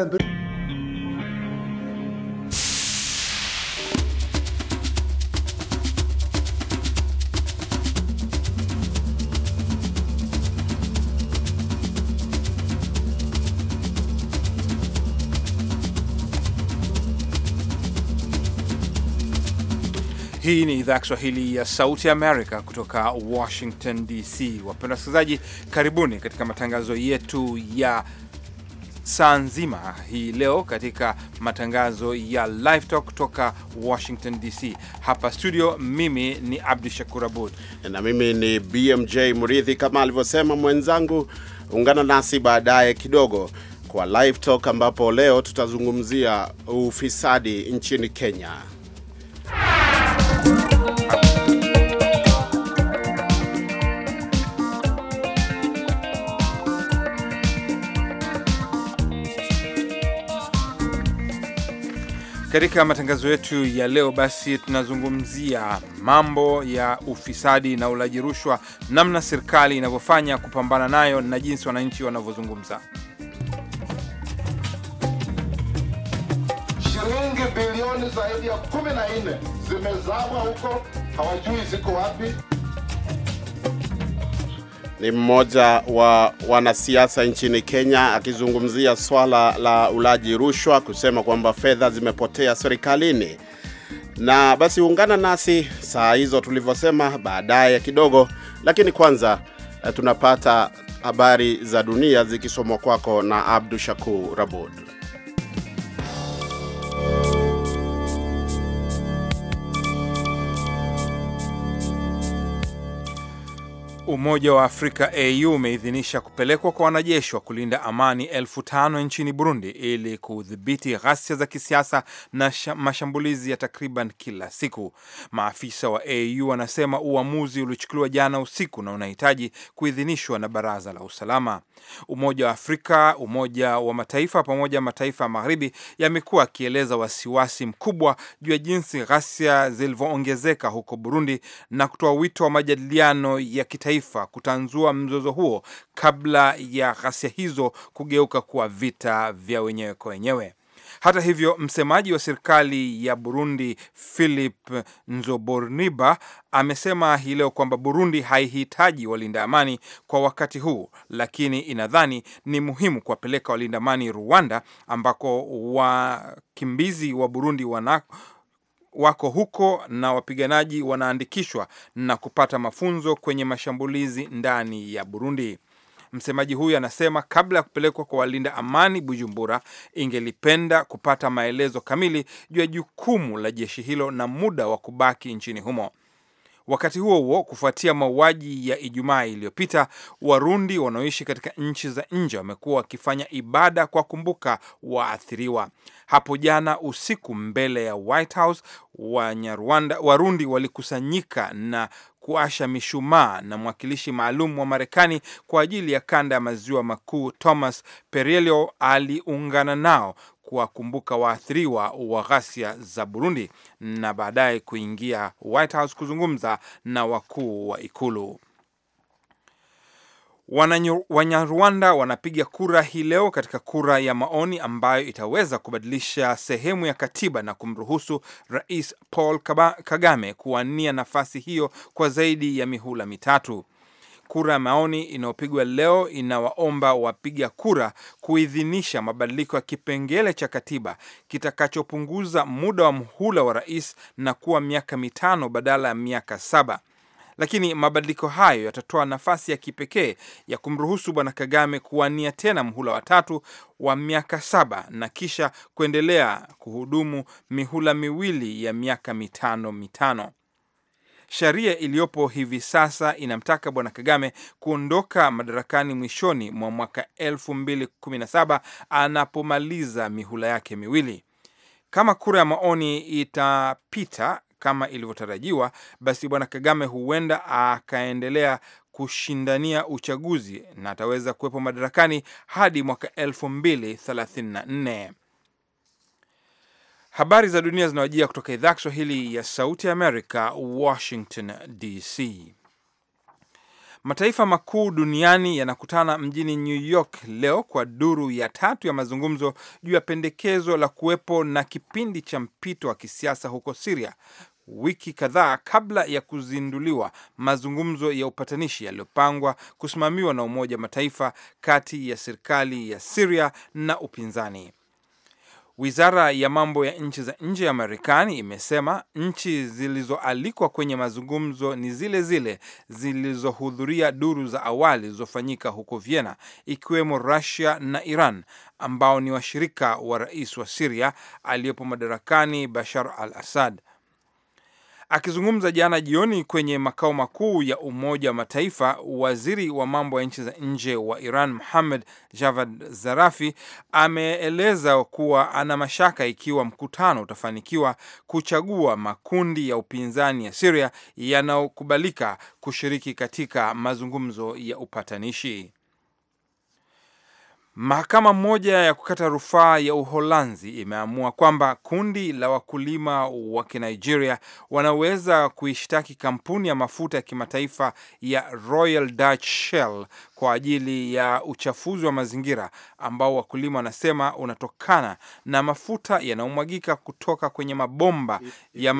un peu. Hii ni idhaa ya Kiswahili ya Sauti Amerika kutoka Washington DC. Wapenda wasikilizaji, karibuni katika matangazo yetu ya saa nzima hii leo katika matangazo ya Live Talk kutoka Washington DC. Hapa studio, mimi ni Abdu Shakur Abud na mimi ni BMJ Muridhi. Kama alivyosema mwenzangu, ungana nasi baadaye kidogo kwa Live Talk ambapo leo tutazungumzia ufisadi nchini Kenya. Katika matangazo yetu ya leo basi, tunazungumzia mambo ya ufisadi na ulaji rushwa, namna serikali inavyofanya kupambana nayo na jinsi wananchi wanavyozungumza. Shilingi bilioni zaidi ya 14 zimezama huko, hawajui ziko wapi ni mmoja wa wanasiasa nchini Kenya akizungumzia swala la ulaji rushwa, kusema kwamba fedha zimepotea serikalini. Na basi ungana nasi saa hizo tulivyosema, baadaye kidogo, lakini kwanza eh, tunapata habari za dunia zikisomwa kwako na Abdu Shakur Abud. Umoja wa Afrika AU umeidhinisha kupelekwa kwa wanajeshi wa kulinda amani elfu tano nchini Burundi ili kudhibiti ghasia za kisiasa na mashambulizi ya takriban kila siku. Maafisa wa AU wanasema uamuzi uliochukuliwa jana usiku na unahitaji kuidhinishwa na Baraza la Usalama. Umoja wa Afrika, Umoja wa Mataifa pamoja na mataifa ya Magharibi yamekuwa akieleza wasiwasi mkubwa juu ya jinsi ghasia zilivyoongezeka huko Burundi na kutoa wito wa majadiliano ya kitaifa kimataifa kutanzua mzozo huo kabla ya ghasia hizo kugeuka kuwa vita vya wenyewe kwa wenyewe. Hata hivyo, msemaji wa serikali ya Burundi Philip Nzoborniba amesema hii leo kwamba Burundi haihitaji walinda amani kwa wakati huu, lakini inadhani ni muhimu kuwapeleka walinda amani Rwanda ambako wakimbizi wa Burundi wana, wako huko na wapiganaji wanaandikishwa na kupata mafunzo kwenye mashambulizi ndani ya Burundi. Msemaji huyu anasema kabla ya kupelekwa kwa walinda amani Bujumbura, ingelipenda kupata maelezo kamili juu ya jukumu la jeshi hilo na muda wa kubaki nchini humo. Wakati huo huo, kufuatia mauaji ya Ijumaa iliyopita, Warundi wanaoishi katika nchi za nje wamekuwa wakifanya ibada kwa kumbuka waathiriwa. Hapo jana usiku mbele ya White House, Wanyarwanda Warundi walikusanyika na kuasha mishumaa na mwakilishi maalum wa Marekani kwa ajili ya kanda ya maziwa makuu Thomas Perelio aliungana nao kuwakumbuka waathiriwa wa ghasia za Burundi na baadaye kuingia White House kuzungumza na wakuu wa ikulu. Wanyarwanda wanapiga kura hii leo katika kura ya maoni ambayo itaweza kubadilisha sehemu ya katiba na kumruhusu Rais Paul Kagame kuwania nafasi hiyo kwa zaidi ya mihula mitatu kura ya maoni inayopigwa leo inawaomba wapiga kura kuidhinisha mabadiliko ya kipengele cha katiba kitakachopunguza muda wa mhula wa rais na kuwa miaka mitano badala ya miaka saba. Lakini mabadiliko hayo yatatoa nafasi ya kipekee ya kumruhusu Bwana Kagame kuwania tena mhula wa tatu wa miaka saba na kisha kuendelea kuhudumu mihula miwili ya miaka mitano mitano. Sheria iliyopo hivi sasa inamtaka bwana Kagame kuondoka madarakani mwishoni mwa mwaka 2017 anapomaliza mihula yake miwili. Kama kura ya maoni itapita kama ilivyotarajiwa, basi bwana Kagame huenda akaendelea kushindania uchaguzi na ataweza kuwepo madarakani hadi mwaka 2034. Habari za dunia zinawajia kutoka idhaa Kiswahili ya Sauti ya Amerika, Washington DC. Mataifa makuu duniani yanakutana mjini New York leo kwa duru ya tatu ya mazungumzo juu ya pendekezo la kuwepo na kipindi cha mpito wa kisiasa huko Siria, wiki kadhaa kabla ya kuzinduliwa mazungumzo ya upatanishi yaliyopangwa kusimamiwa na Umoja wa Mataifa kati ya serikali ya Siria na upinzani. Wizara ya mambo ya nchi za nje ya Marekani imesema nchi zilizoalikwa kwenye mazungumzo ni zile zile zilizohudhuria duru za awali zilizofanyika huko Vienna, ikiwemo Rusia na Iran ambao ni washirika wa rais wa Siria aliyepo madarakani Bashar al Assad. Akizungumza jana jioni kwenye makao makuu ya Umoja wa Mataifa, waziri wa mambo ya nchi za nje wa Iran Muhammad Javad Zarafi ameeleza kuwa ana mashaka ikiwa mkutano utafanikiwa kuchagua makundi ya upinzani ya Siria yanayokubalika kushiriki katika mazungumzo ya upatanishi. Mahakama moja ya kukata rufaa ya Uholanzi imeamua kwamba kundi la wakulima wa Kinigeria wanaweza kuishtaki kampuni ya mafuta ya kimataifa ya Royal Dutch Shell kwa ajili ya uchafuzi wa mazingira ambao wakulima wanasema unatokana na mafuta yanayomwagika kutoka kwenye mabomba ya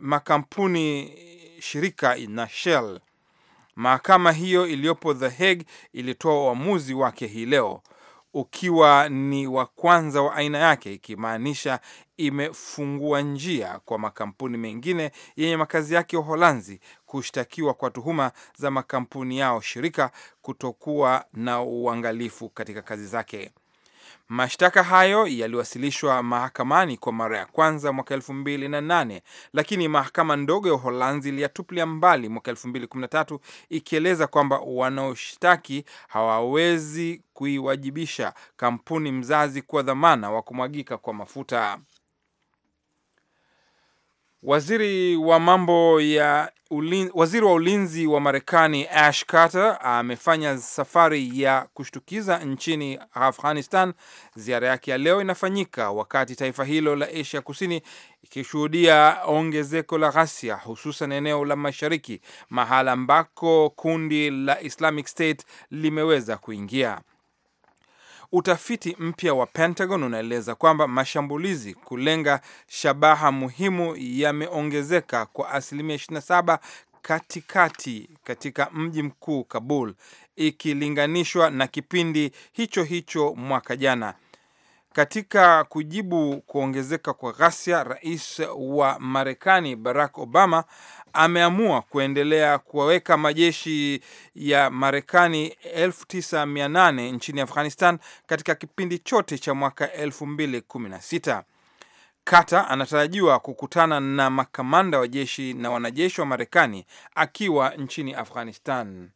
makampuni shirika na Shell Mahakama hiyo iliyopo The Hague ilitoa uamuzi wake hii leo ukiwa ni wa kwanza wa aina yake, ikimaanisha imefungua njia kwa makampuni mengine yenye makazi yake Uholanzi kushtakiwa kwa tuhuma za makampuni yao shirika kutokuwa na uangalifu katika kazi zake. Mashtaka hayo yaliwasilishwa mahakamani kwa mara ya kwanza mwaka elfu mbili na nane lakini mahakama ndogo ya Uholanzi iliyatupilia mbali mwaka elfu mbili kumi na tatu ikieleza kwamba wanaoshtaki hawawezi kuiwajibisha kampuni mzazi kuwa dhamana wa kumwagika kwa mafuta. Waziri wa mambo ya ulin, waziri wa ulinzi wa Marekani Ash Carter amefanya safari ya kushtukiza nchini Afghanistan. Ziara yake ya leo inafanyika wakati taifa hilo la Asia Kusini ikishuhudia ongezeko la ghasia, hususan eneo la mashariki, mahala ambako kundi la Islamic State limeweza kuingia. Utafiti mpya wa Pentagon unaeleza kwamba mashambulizi kulenga shabaha muhimu yameongezeka kwa asilimia 27 katikati katika mji mkuu Kabul ikilinganishwa na kipindi hicho hicho mwaka jana. Katika kujibu kuongezeka kwa ghasia, rais wa Marekani Barack Obama ameamua kuendelea kuwaweka majeshi ya Marekani 9800 nchini Afghanistan katika kipindi chote cha mwaka 2016. Kata anatarajiwa kukutana na makamanda wa jeshi na wanajeshi wa Marekani akiwa nchini Afghanistan.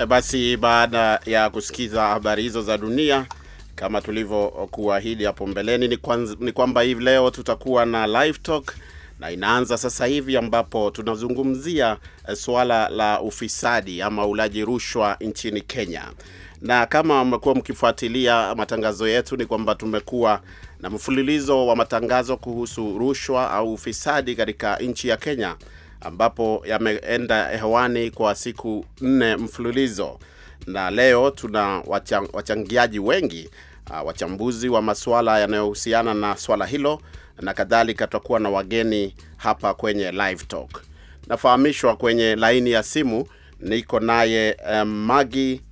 Eh, basi baada ya kusikiza habari hizo za dunia, kama tulivyokuahidi hapo mbeleni, ni, kwamba hivi leo tutakuwa na live talk na inaanza sasa hivi ambapo tunazungumzia eh, suala la ufisadi ama ulaji rushwa nchini Kenya. Na kama mmekuwa mkifuatilia matangazo yetu, ni kwamba tumekuwa na mfululizo wa matangazo kuhusu rushwa au ufisadi katika nchi ya Kenya ambapo yameenda hewani kwa siku nne mfululizo, na leo tuna wachang, wachangiaji wengi uh, wachambuzi wa masuala yanayohusiana na swala hilo na kadhalika. Tutakuwa na wageni hapa kwenye live talk. Nafahamishwa kwenye laini ya simu niko naye um, Magi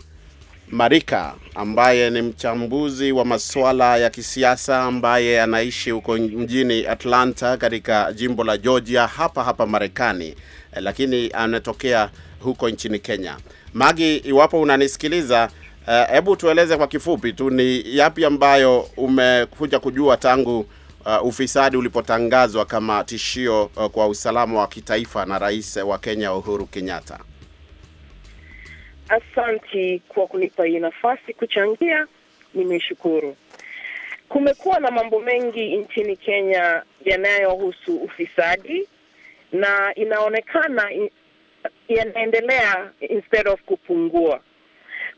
Marika ambaye ni mchambuzi wa masuala ya kisiasa ambaye anaishi huko mjini Atlanta katika jimbo la Georgia hapa hapa Marekani, eh, lakini anatokea huko nchini Kenya. Magi, iwapo unanisikiliza, eh, hebu uh, tueleze kwa kifupi tu ni yapi ambayo umekuja kujua tangu uh, ufisadi ulipotangazwa kama tishio uh, kwa usalama wa kitaifa na rais wa Kenya Uhuru Kenyatta. Asanti kwa kunipa hii nafasi kuchangia, nimeshukuru. Kumekuwa na mambo mengi nchini Kenya yanayohusu ufisadi na inaonekana yanaendelea instead of kupungua.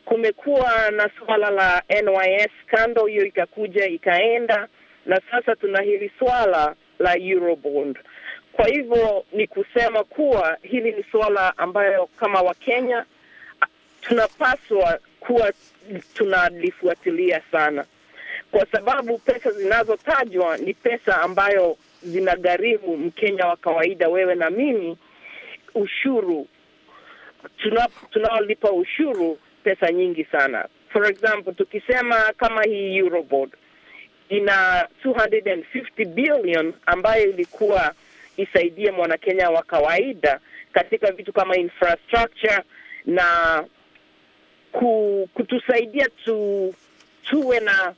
Kumekuwa na suala la NYS kando, hiyo ikakuja ikaenda, na sasa tuna hili swala la Eurobond. Kwa hivyo ni kusema kuwa hili ni suala ambayo kama Wakenya tunapaswa kuwa tunalifuatilia sana, kwa sababu pesa zinazotajwa ni pesa ambayo zinagharimu Mkenya wa kawaida, wewe na mimi, ushuru tunaolipa, tuna ushuru pesa nyingi sana. For example, tukisema kama hii Eurobond ina 250 billion ambayo ilikuwa isaidie mwanakenya wa kawaida katika vitu kama infrastructure na kutusaidia tu, tuwe na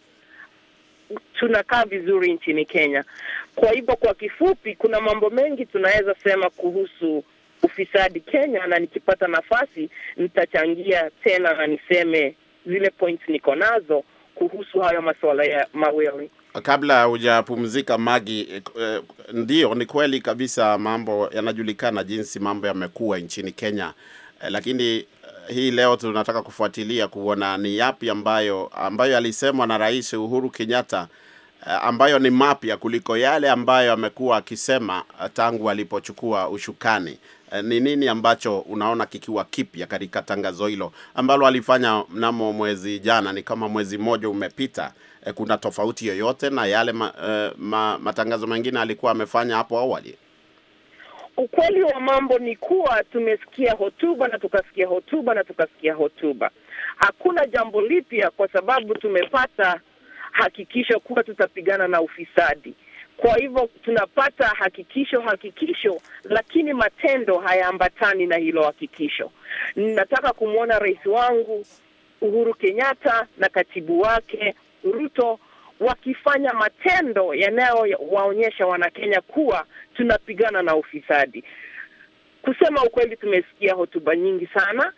tunakaa vizuri nchini Kenya. Kwa hivyo kwa kifupi, kuna mambo mengi tunaweza sema kuhusu ufisadi Kenya, na nikipata nafasi nitachangia tena na niseme zile points niko nazo kuhusu hayo masuala ya mawili. Kabla hujapumzika Magi, eh, eh ndiyo ni kweli kabisa, mambo yanajulikana jinsi mambo yamekuwa nchini Kenya, eh, lakini hii leo tunataka kufuatilia kuona ni yapi ambayo ambayo alisemwa na Rais Uhuru Kenyatta eh, ambayo ni mapya kuliko yale ambayo amekuwa akisema eh, tangu alipochukua ushukani. Eh, ni nini ambacho unaona kikiwa kipya katika tangazo hilo ambalo alifanya mnamo mwezi jana? Ni kama mwezi mmoja umepita. Kuna tofauti yoyote na yale ma, ma, matangazo mengine alikuwa amefanya hapo awali? ukweli wa mambo ni kuwa tumesikia hotuba na tukasikia hotuba na tukasikia hotuba, hakuna jambo lipya, kwa sababu tumepata hakikisho kuwa tutapigana na ufisadi. Kwa hivyo tunapata hakikisho hakikisho, lakini matendo hayaambatani na hilo hakikisho. Nataka kumwona rais wangu Uhuru Kenyatta na katibu wake Ruto wakifanya matendo yanayowaonyesha Wanakenya kuwa tunapigana na ufisadi. Kusema ukweli, tumesikia hotuba nyingi sana,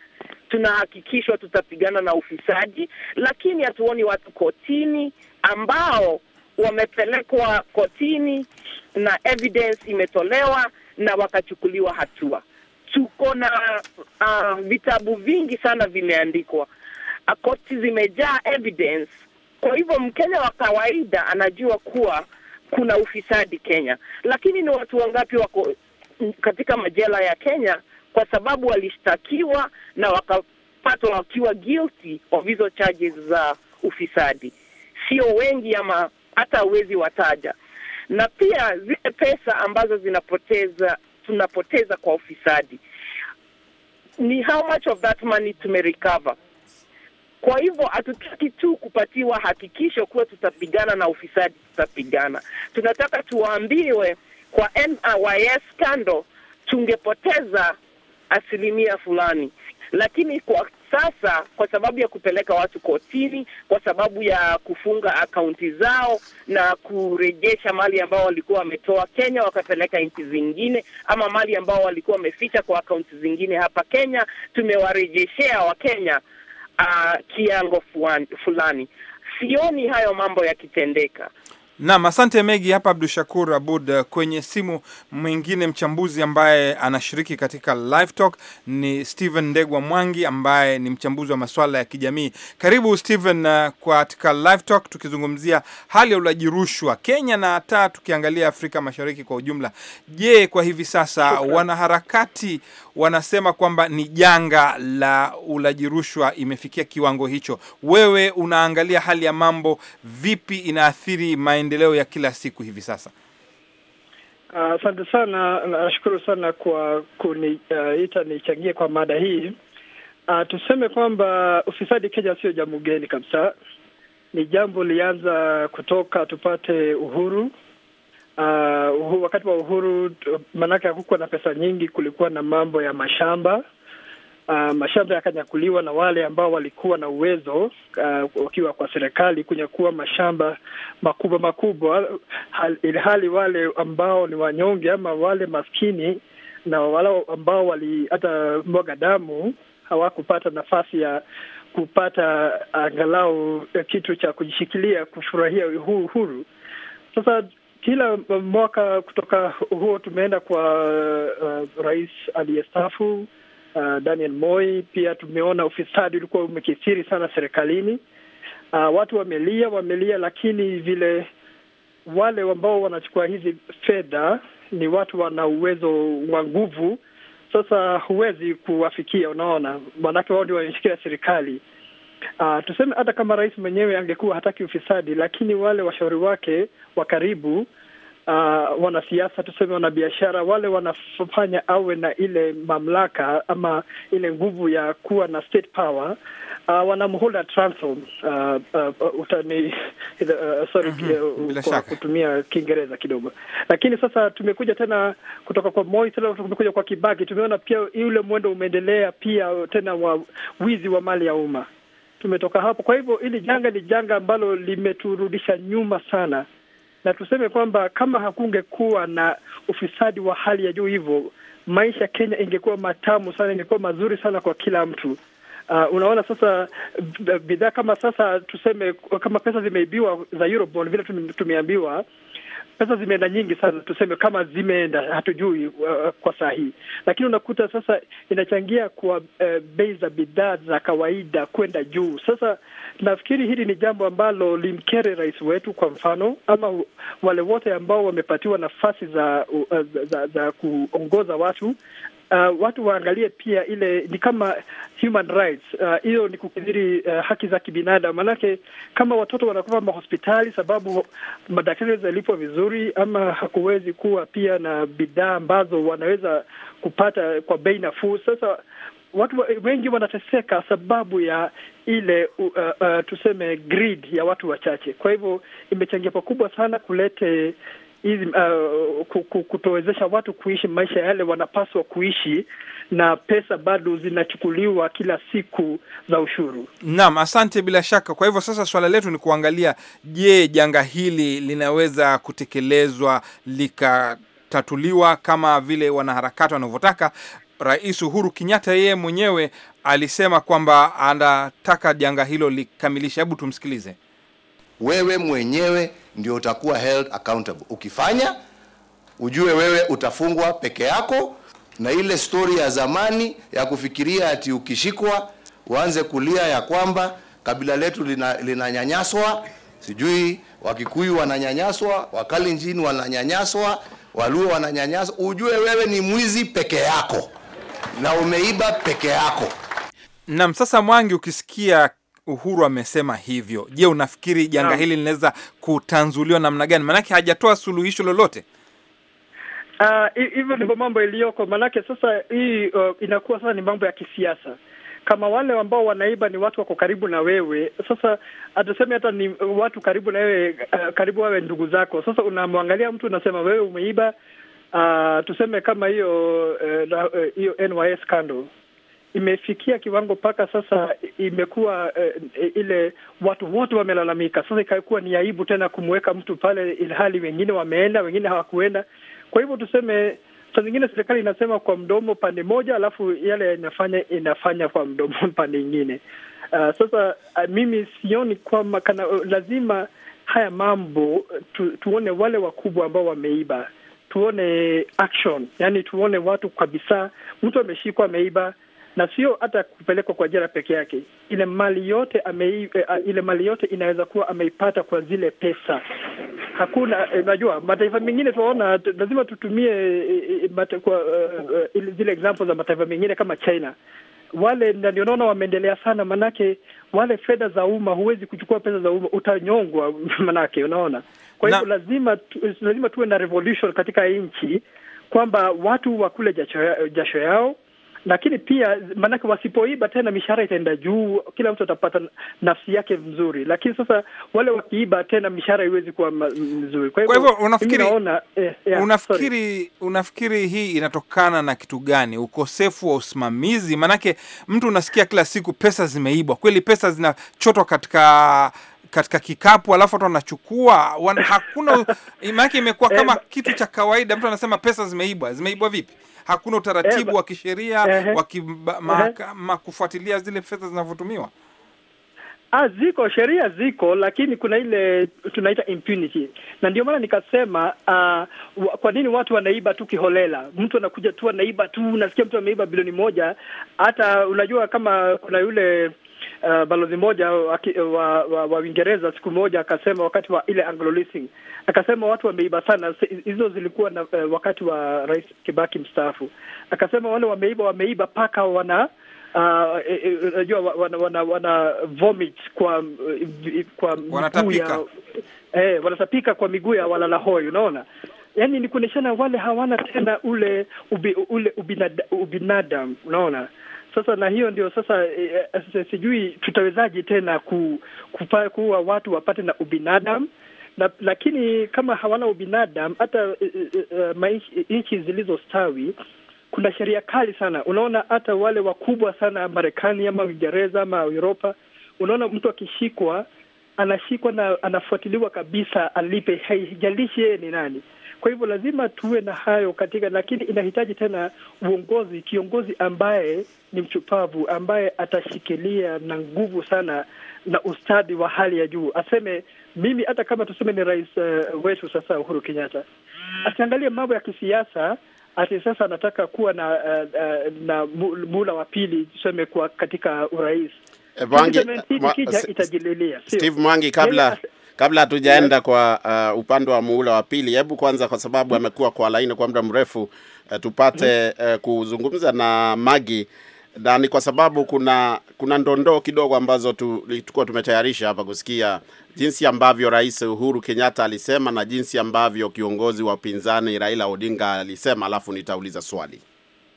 tunahakikishwa tutapigana na ufisadi, lakini hatuoni watu kotini ambao wamepelekwa kotini na evidence imetolewa na wakachukuliwa hatua. Tuko na uh, vitabu vingi sana vimeandikwa, koti zimejaa evidence kwa hivyo Mkenya wa kawaida anajua kuwa kuna ufisadi Kenya, lakini ni watu wangapi wako katika majela ya Kenya kwa sababu walishtakiwa na wakapatwa wakiwa guilty of hizo charges za ufisadi? Sio wengi, ama hata huwezi wataja. Na pia zile pesa ambazo zinapoteza tunapoteza kwa ufisadi, ni how much of that money tumerecover? Kwa hivyo hatutaki tu kupatiwa hakikisho kuwa tutapigana na ufisadi, tutapigana. Tunataka tuwaambiwe kwa NYS kando tungepoteza asilimia fulani, lakini kwa sasa kwa sababu ya kupeleka watu kotini, kwa sababu ya kufunga akaunti zao na kurejesha mali ambao walikuwa wametoa Kenya wakapeleka nchi zingine, ama mali ambao walikuwa wameficha kwa akaunti zingine hapa Kenya, tumewarejeshea Wakenya uh, kiango fulani sioni hayo mambo yakitendeka. Naam, asante Megi. Hapa Abdu Shakur Abud eh, kwenye simu. Mwingine mchambuzi ambaye anashiriki katika Live Talk ni Stephen Ndegwa Mwangi ambaye ni mchambuzi wa masuala ya kijamii. Karibu Stephen eh, katika Live Talk, tukizungumzia hali ya ulaji rushwa Kenya na hata tukiangalia Afrika Mashariki kwa ujumla. Je, kwa hivi sasa wanaharakati wanasema kwamba ni janga la ulaji rushwa imefikia kiwango hicho. Wewe unaangalia hali ya mambo vipi, inaathiri maendeleo ya kila siku hivi sasa? Ah, asante uh, sana. Nashukuru sana kwa kuniita ah, uh, nichangie kwa mada hii. Uh, tuseme kwamba ufisadi Kenya sio jambo geni kabisa, ni jambo lilianza kutoka tupate uhuru uh, wakati wa uhuru, maanake hakukuwa na pesa nyingi, kulikuwa na mambo ya mashamba Uh, mashamba yakanyakuliwa na wale ambao walikuwa na uwezo uh, wakiwa kwa serikali kunyakua mashamba makubwa makubwa, ilhali wale ambao ni wanyonge ama wale maskini na wale ambao wali hata mwaga damu hawakupata nafasi ya kupata angalau kitu cha kujishikilia, kufurahia huu uhuru. Sasa kila mwaka kutoka huo tumeenda kwa uh, rais aliyestafu uh, Daniel Moi. Pia tumeona ufisadi ulikuwa umekithiri sana serikalini. Uh, watu wamelia wamelia, lakini vile wale ambao wanachukua hizi fedha ni watu wana uwezo wa nguvu. Sasa huwezi kuwafikia, unaona, maanake wao ndio wameshikilia serikali. Uh, tuseme hata kama rais mwenyewe angekuwa hataki ufisadi, lakini wale washauri wake wa karibu, uh, wanasiasa, tuseme wanabiashara, wale wanafanya awe na ile mamlaka ama ile nguvu ya kuwa na state power ah, uh, wanamhola transform uh, uh, utani uh, sorry mm -hmm. Kwa kutumia Kiingereza kidogo, lakini sasa tumekuja tena kutoka kwa Moi, sasa tumekuja kwa Kibaki, tumeona pia yule mwendo umeendelea pia tena wa wizi wa mali ya umma tumetoka hapo. Kwa hivyo hili janga ni janga ambalo limeturudisha nyuma sana, na tuseme kwamba kama hakungekuwa na ufisadi wa hali ya juu hivyo, maisha Kenya ingekuwa matamu sana, ingekuwa mazuri sana kwa kila mtu. Uh, unaona sasa bidhaa kama sasa tuseme kama pesa zimeibiwa za Eurobond vile tumeambiwa pesa zimeenda nyingi sana, tuseme kama zimeenda, hatujui uh, kwa saa hii, lakini unakuta sasa inachangia kwa uh, bei za bidhaa za kawaida kwenda juu. Sasa nafikiri hili ni jambo ambalo limkere rais wetu, kwa mfano, ama wale wote ambao wamepatiwa nafasi za, uh, za, za, za kuongoza watu uh, watu waangalie pia ile ni kama human rights uh, hiyo, uh, ni kukidhiri uh, haki za kibinadamu. manake kama watoto wanakufa mahospitali sababu madaktari zalipo vizuri, ama hakuwezi kuwa pia na bidhaa ambazo wanaweza kupata kwa bei nafuu. Sasa watu wengi wanateseka sababu ya ile uh, uh, tuseme greed ya watu wachache. Kwa hivyo imechangia pakubwa sana kulete hizi uh, kutowezesha watu kuishi maisha yale wanapaswa kuishi, na pesa bado zinachukuliwa kila siku za ushuru. Naam, asante. Bila shaka, kwa hivyo sasa suala letu ni kuangalia, je, janga hili linaweza kutekelezwa likatatuliwa kama vile wanaharakati wanavyotaka? Rais Uhuru Kenyatta yeye mwenyewe alisema kwamba anataka janga hilo likamilishe. Hebu tumsikilize. Wewe mwenyewe ndio utakuwa held accountable. Ukifanya ujue wewe utafungwa peke yako, na ile stori ya zamani ya kufikiria ati ukishikwa uanze kulia ya kwamba kabila letu linanyanyaswa, lina sijui Wakikuyu wananyanyaswa, Wakalenjin wananyanyaswa, Waluo wananyanyaswa, ujue wewe ni mwizi peke yako na umeiba peke yako. Naam, sasa Mwangi, ukisikia Uhuru amesema hivyo. Je, unafikiri janga hili linaweza kutanzuliwa namna gani? Maanake hajatoa suluhisho lolote. Ah, hivyo uh, ndivyo mambo iliyoko, maanake sasa hii uh, inakuwa sasa ni mambo ya kisiasa kama wale ambao wanaiba ni watu wako karibu na wewe. Sasa atuseme hata ni watu karibu na wewe, uh, karibu wawe ndugu zako. Sasa unamwangalia mtu unasema wewe umeiba. Uh, tuseme kama hiyo uh, uh, hiyo uh, uh, NYS scandal imefikia kiwango mpaka sasa imekuwa e, ile watu wote wamelalamika. Sasa ikakuwa ni aibu tena kumweka mtu pale, ilhali wengine wameenda, wengine hawakuenda. Kwa hivyo tuseme saa zingine serikali inasema kwa mdomo pande moja, alafu yale inafanya inafanya kwa mdomo pande ingine. Uh, sasa uh, mimi sioni kwamba kana lazima haya mambo tu, tuone wale wakubwa ambao wameiba, tuone action, yani tuone watu kabisa, mtu ameshikwa ameiba na sio hata kupelekwa kwa jela peke yake. Ile mali yote ame, eh, ah, ile mali yote inaweza kuwa ameipata kwa zile pesa. Hakuna eh, unajua, mataifa mengine tunaona lazima tutumie eh, mate, kwa, uh, zile example za mataifa mengine kama China wale ndio naona wameendelea sana, manake wale fedha za umma, huwezi kuchukua pesa za umma, utanyongwa manake, unaona. Kwa hivyo lazima tu, lazima tuwe na revolution katika nchi kwamba watu wakule jasho, jasho yao lakini pia maanake wasipoiba tena mishahara itaenda juu, kila mtu atapata nafsi yake mzuri, lakini sasa wale wakiiba tena mishahara iwezi kuwa mzuri. Kwa hivyo unafikiri, naona, eh, yeah, unafikiri, unafikiri hii inatokana na kitu gani? Ukosefu wa usimamizi? Maanake mtu unasikia kila siku pesa zimeibwa, kweli pesa zinachotwa katika katika kikapu alafu watu wanachukua wan, hakuna maanake imekuwa kama eh, kitu cha kawaida. Mtu anasema pesa zimeibwa, zimeibwa vipi? hakuna utaratibu eh, wa kisheria eh, wa kimahakama eh, kufuatilia zile fedha zinavyotumiwa. Ah, ziko sheria ziko, lakini kuna ile tunaita impunity, na ndio maana nikasema uh, kwa nini watu wanaiba tu kiholela? Mtu anakuja tu anaiba tu, unasikia mtu ameiba bilioni moja. Hata unajua kama kuna yule uh, balozi mmoja eh, wa Uingereza siku moja akasema, wakati wa ile Anglo Leasing, akasema watu wameiba sana. Hizo zilikuwa na, uh, wakati wa Rais Kibaki mstaafu. Akasema wale wameiba, wameiba paka wana ah, unajua uh, wana, wana, wana vomit kwa kwa miguu ya eh, wanatapika kwa miguu ya walala hoi, unaona yani ni kuoneshana wale hawana tena ule ubi, ule ubinadamu ubinada, unaona sasa na hiyo ndio sasa e, sijui tutawezaje tena ku, kupa, kuwa watu wapate na ubinadamu na, lakini kama hawana ubinadamu hata e, e, e, nchi zilizostawi kuna sheria kali sana. Unaona hata wale wakubwa sana Marekani ama Uingereza ama Uropa, unaona mtu akishikwa anashikwa na anafuatiliwa kabisa, alipe haijalishi yeye ni nani. Kwa hivyo lazima tuwe na hayo katika, lakini inahitaji tena uongozi, kiongozi ambaye ni mchupavu, ambaye atashikilia na nguvu sana na ustadi wa hali ya juu, aseme mimi, hata kama tuseme ni rais uh, wetu sasa Uhuru Kenyatta, asiangalie mambo ya kisiasa ati sasa anataka kuwa na uh, uh, na muhula wa pili tuseme kwa katika urais Steve Mwangi kabla Kabla hatujaenda kwa uh, upande wa muhula wa pili, hebu kwanza, kwa sababu mm. amekuwa kwa laini kwa muda mrefu uh, tupate mm. uh, kuzungumza na Magi na ni kwa sababu kuna kuna ndondoo kidogo ambazo tulikuwa tumetayarisha hapa kusikia jinsi ambavyo Rais Uhuru Kenyatta alisema na jinsi ambavyo kiongozi wa upinzani Raila Odinga alisema, alafu nitauliza swali.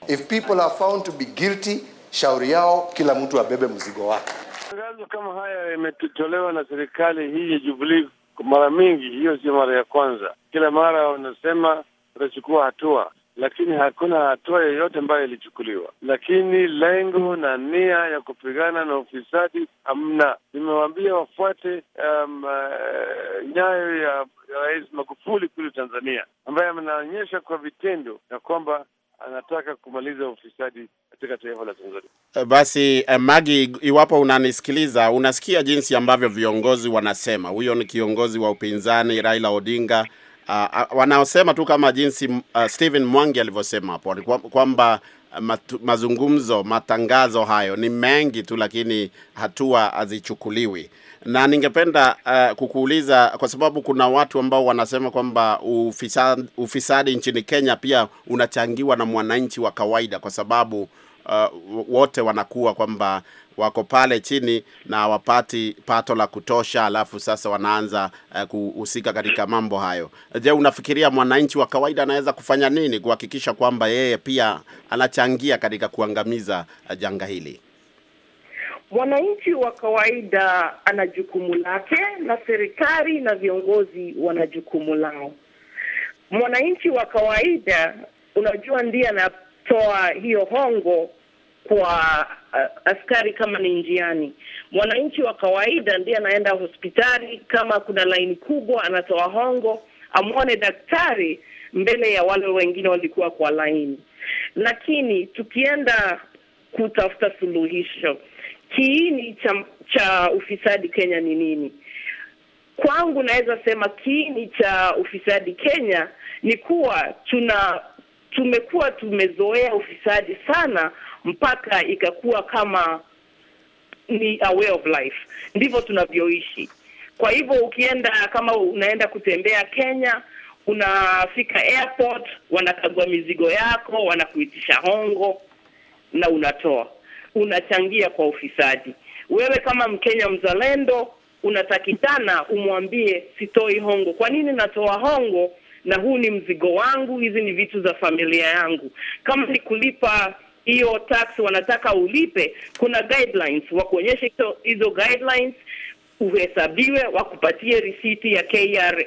If people are found to be guilty, shauri yao kila mtu abebe mzigo wake. Tangazo kama haya imetolewa na serikali hii ya Jubilee mara mingi, hiyo sio mara ya kwanza. Kila mara wanasema tutachukua hatua, lakini hakuna hatua yoyote ambayo ilichukuliwa. Lakini lengo na nia ya kupigana na ufisadi hamna. Nimewaambia wafuate um, uh, nyayo ya Rais Magufuli kule Tanzania, ambaye anaonyesha kwa vitendo ya kwamba anataka kumaliza ufisadi katika taifa la Tanzania. Eh, basi eh, Magi, iwapo unanisikiliza, unasikia jinsi ambavyo viongozi wanasema. Huyo ni kiongozi wa upinzani Raila Odinga. Uh, wanaosema tu kama jinsi uh, Stephen Mwangi alivyosema hapo kwamba eh, matu, mazungumzo matangazo hayo ni mengi tu, lakini hatua hazichukuliwi na ningependa uh, kukuuliza kwa sababu kuna watu ambao wanasema kwamba ufisadi, ufisadi nchini Kenya pia unachangiwa na mwananchi wa kawaida kwa sababu uh, wote wanakuwa kwamba wako pale chini na hawapati pato la kutosha, alafu sasa wanaanza uh, kuhusika katika mambo hayo. Je, unafikiria mwananchi wa kawaida anaweza kufanya nini kuhakikisha kwamba yeye pia anachangia katika kuangamiza janga hili? Mwananchi wa kawaida ana jukumu lake na serikali na viongozi wana jukumu lao. Mwananchi wa kawaida, unajua, ndiye anatoa hiyo hongo kwa uh, askari kama ni njiani. Mwananchi wa kawaida ndiye anaenda hospitali kama kuna laini kubwa, anatoa hongo amwone daktari mbele ya wale wengine walikuwa kwa laini. Lakini tukienda kutafuta suluhisho kiini cha, cha ufisadi Kenya ni nini? Kwangu naweza sema kiini cha ufisadi Kenya ni kuwa tuna tumekuwa tumezoea ufisadi sana mpaka ikakuwa kama ni a way of life, ndivyo tunavyoishi. Kwa hivyo ukienda kama unaenda kutembea Kenya, unafika airport, wanakagua mizigo yako, wanakuitisha hongo na unatoa unachangia kwa ufisadi. Wewe kama Mkenya mzalendo unatakitana umwambie sitoi hongo. Kwa nini natoa hongo? Na huu ni mzigo wangu, hizi ni vitu za familia yangu. Kama ni kulipa hiyo tax wanataka ulipe, kuna guidelines wa kuonyesha hizo guidelines, uhesabiwe, wakupatie risiti ya KRA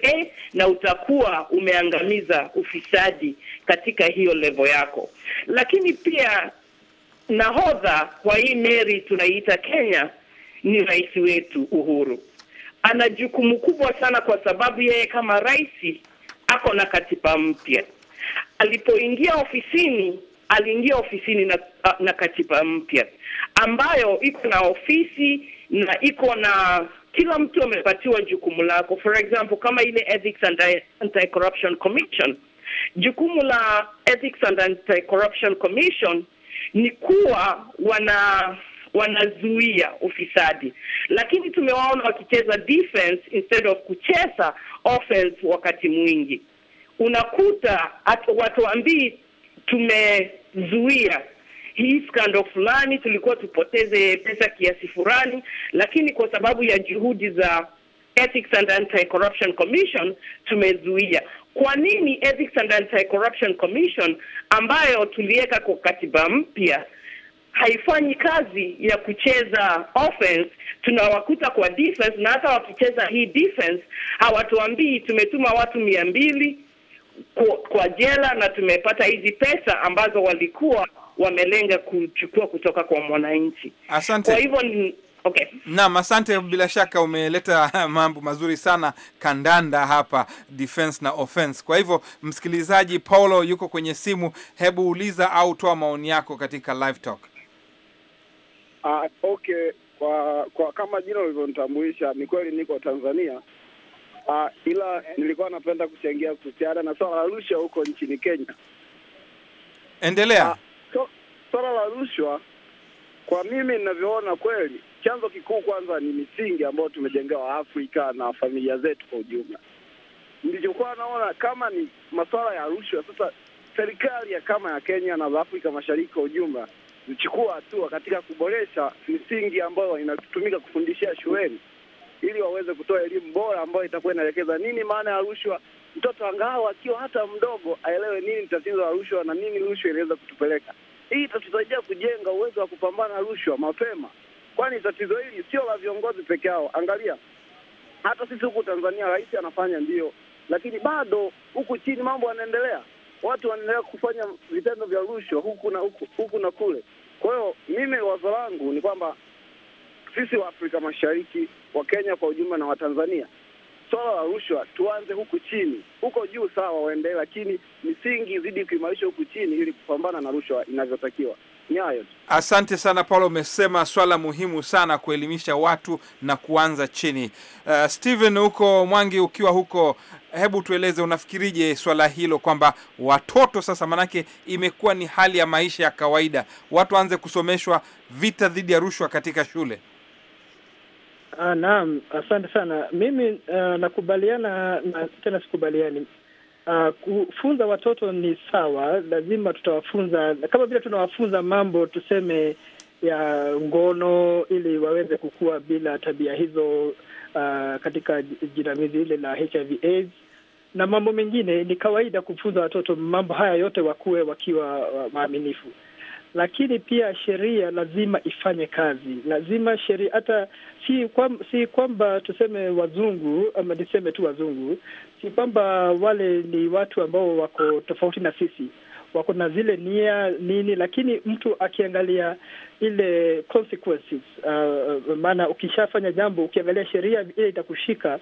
na utakuwa umeangamiza ufisadi katika hiyo levo yako. Lakini pia nahodha kwa hii meri tunaiita Kenya ni rais wetu Uhuru. Ana jukumu kubwa sana, kwa sababu yeye kama rais ako na katiba mpya. Alipoingia ofisini, aliingia ofisini na, na katiba mpya ambayo iko na ofisi na iko na kila mtu amepatiwa jukumu lako. For example, kama ile Ethics and Anti-Corruption Commission, jukumu la Ethics and Anti-Corruption Commission ni kuwa wana wanazuia ufisadi, lakini tumewaona wakicheza defense instead of kucheza offense. Wakati mwingi unakuta watuambii tumezuia hii skando fulani, tulikuwa tupoteze pesa kiasi fulani, lakini kwa sababu ya juhudi za Ethics and Anti-Corruption Commission tumezuia. Kwa nini Ethics and Anti-Corruption Commission ambayo tuliweka kwa katiba mpya haifanyi kazi ya kucheza offense? Tunawakuta kwa defense, na hata wakicheza hii defense hawatuambii tumetuma watu mia mbili kwa, kwa jela na tumepata hizi pesa ambazo walikuwa wamelenga kuchukua kutoka kwa mwananchi. Asante. Kwa hivyo Okay. Naam, asante. Bila shaka umeleta mambo mazuri sana kandanda hapa, defense na offense. Kwa hivyo, msikilizaji Paulo yuko kwenye simu, hebu uliza au toa maoni yako katika live talk. Uh, okay, kwa kwa kama jina ulivyonitambulisha ni kweli, niko Tanzania uh, ila nilikuwa napenda kuchangia kuhusiana na swala la rushwa huko nchini Kenya. Endelea. Uh, so, swala la rushwa kwa mimi ninavyoona kweli chanzo kikuu kwanza ni misingi ambayo tumejengewa Afrika na familia zetu kwa ujumla. Nilichokuwa naona kama ni masuala ya rushwa, sasa serikali ya kama ya Kenya na za Afrika Mashariki kwa ujumla zichukua hatua katika kuboresha misingi ambayo inatumika kufundishia shuleni ili waweze kutoa elimu bora ambayo itakuwa inaelekeza nini maana ya rushwa, mtoto angawa akiwa hata mdogo aelewe nini tatizo la rushwa na nini rushwa inaweza kutupeleka. Hii itatusaidia kujenga uwezo wa kupambana rushwa mapema kwani tatizo hili sio la viongozi peke yao. Angalia hata sisi huku Tanzania, rais anafanya ndio, lakini bado huku chini mambo yanaendelea, watu wanaendelea kufanya vitendo vya rushwa huku na huku, huku na kule. Kwa hiyo mimi wazo langu ni kwamba sisi wa Afrika Mashariki, wa Kenya kwa ujumla na Watanzania, swala la rushwa tuanze huku chini. Huko juu sawa, waendelee, lakini misingi izidi kuimarishwa huku chini, ili kupambana na rushwa inavyotakiwa ni hayo. Asante sana Paulo, umesema swala muhimu sana kuelimisha watu na kuanza chini. Uh, Steven huko Mwangi, ukiwa huko, hebu tueleze unafikirije swala hilo kwamba watoto sasa, manake imekuwa ni hali ya maisha ya kawaida, watu waanze kusomeshwa vita dhidi ya rushwa katika shule? Ah, naam, asante sana. Mimi uh, nakubaliana na tena sikubaliani Uh, kufunza watoto ni sawa, lazima tutawafunza kama vile tunawafunza mambo tuseme ya ngono, ili waweze kukua bila tabia hizo, uh, katika jinamizi ile la HIV AIDS na mambo mengine. Ni kawaida kufunza watoto mambo haya yote wakuwe wakiwa ah, waaminifu, lakini pia sheria lazima ifanye kazi. Lazima sheria hata si kwamba si kwamba tuseme wazungu ama niseme tu wazungu, si kwamba wale ni watu ambao wako tofauti na sisi, wako na zile nia nini, lakini mtu akiangalia ile consequences uh, uh, maana ukishafanya jambo, ukiangalia sheria ile itakushika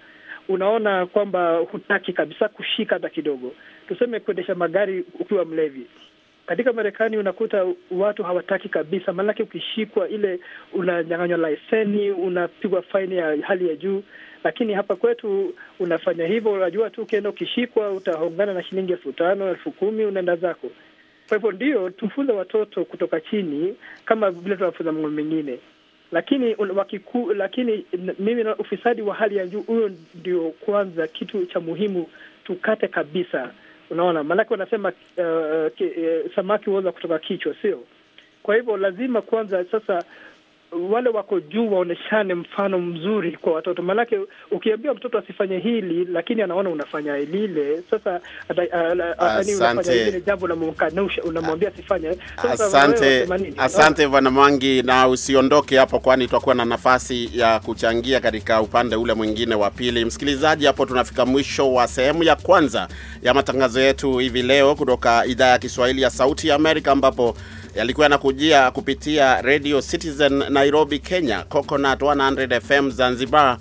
unaona kwamba hutaki kabisa kushika hata kidogo. Tuseme kuendesha magari ukiwa mlevi katika Marekani unakuta watu hawataki kabisa, maanake ukishikwa ile unanyang'anywa leseni, unapigwa faini ya hali ya juu lakini hapa kwetu unafanya hivyo, unajua tu ukienda ukishikwa utaongana na shilingi elfu tano elfu kumi unaenda zako. Kwa hivyo ndio tufunze watoto kutoka chini kama vile tunafunza mambo mengine, lakini wakiku, lakini mimi na ufisadi wa hali ya juu, huyo ndio kwanza kitu cha muhimu tukate kabisa. Unaona, maanake wanasema uh, uh, samaki huoza kutoka kichwa, sio? Kwa hivyo lazima kwanza sasa wale wako juu waoneshane mfano mzuri kwa watoto, maanake ukiambia mtoto asifanye hili, lakini anaona unafanya lile, sasa jambo unamwambia asifanye. Asante, asante Bwana Mwangi, na usiondoke hapo, kwani tutakuwa na nafasi ya kuchangia katika upande ule mwingine wa pili. Msikilizaji, hapo tunafika mwisho wa sehemu ya kwanza ya matangazo yetu hivi leo kutoka idhaa ya Kiswahili ya Sauti ya Amerika ambapo yalikuwa yanakujia kupitia Radio Citizen Nairobi, Kenya, Coconut 100 FM Zanzibar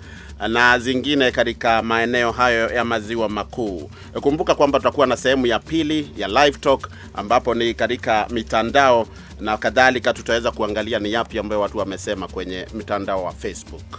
na zingine katika maeneo hayo ya maziwa makuu. Kumbuka kwamba tutakuwa na sehemu ya pili ya live talk ambapo ni katika mitandao na kadhalika, tutaweza kuangalia ni yapi ambayo watu wamesema kwenye mitandao wa Facebook.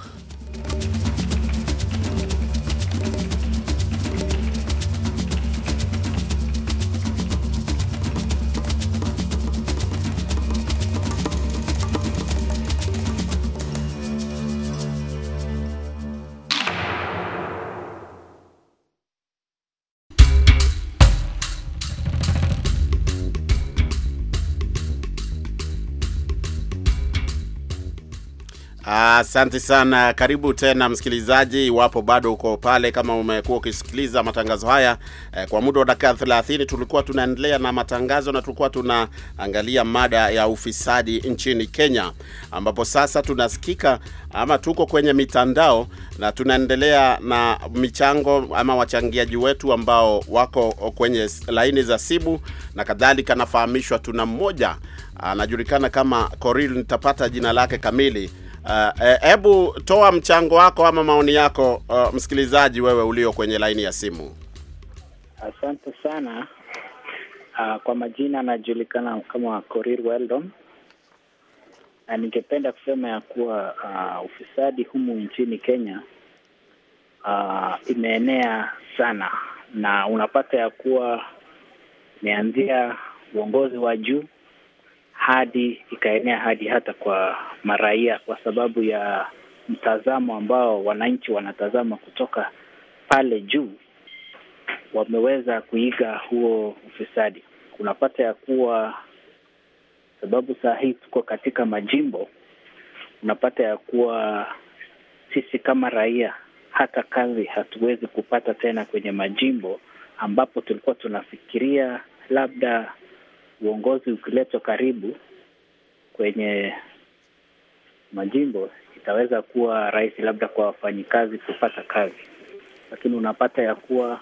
Asante sana. Karibu tena msikilizaji, iwapo bado uko pale, kama umekuwa ukisikiliza matangazo haya eh, kwa muda wa dakika thelathini tulikuwa tunaendelea na matangazo na tulikuwa tunaangalia mada ya ufisadi nchini Kenya, ambapo sasa tunasikika ama tuko kwenye mitandao na tunaendelea na michango ama wachangiaji wetu ambao wako kwenye laini za simu na kadhalika. Nafahamishwa tuna mmoja anajulikana kama Koril, nitapata jina lake kamili Uh, eh, hebu uh, toa mchango wako ama maoni yako uh, msikilizaji, wewe ulio kwenye laini ya simu. Asante sana. Uh, kwa majina anajulikana kama Korir Weldon, na ningependa kusema ya kuwa uh, ufisadi humu nchini Kenya uh, imeenea sana, na unapata ya kuwa imeanzia uongozi wa juu hadi ikaenea hadi hata kwa maraia, kwa sababu ya mtazamo ambao wananchi wanatazama kutoka pale juu. Wameweza kuiga huo ufisadi. Unapata ya kuwa sababu saa hii tuko katika majimbo, unapata ya kuwa sisi kama raia hata kazi hatuwezi kupata tena kwenye majimbo ambapo tulikuwa tunafikiria labda uongozi ukiletwa karibu kwenye majimbo itaweza kuwa rahisi labda kwa wafanyikazi kupata kazi, lakini unapata ya kuwa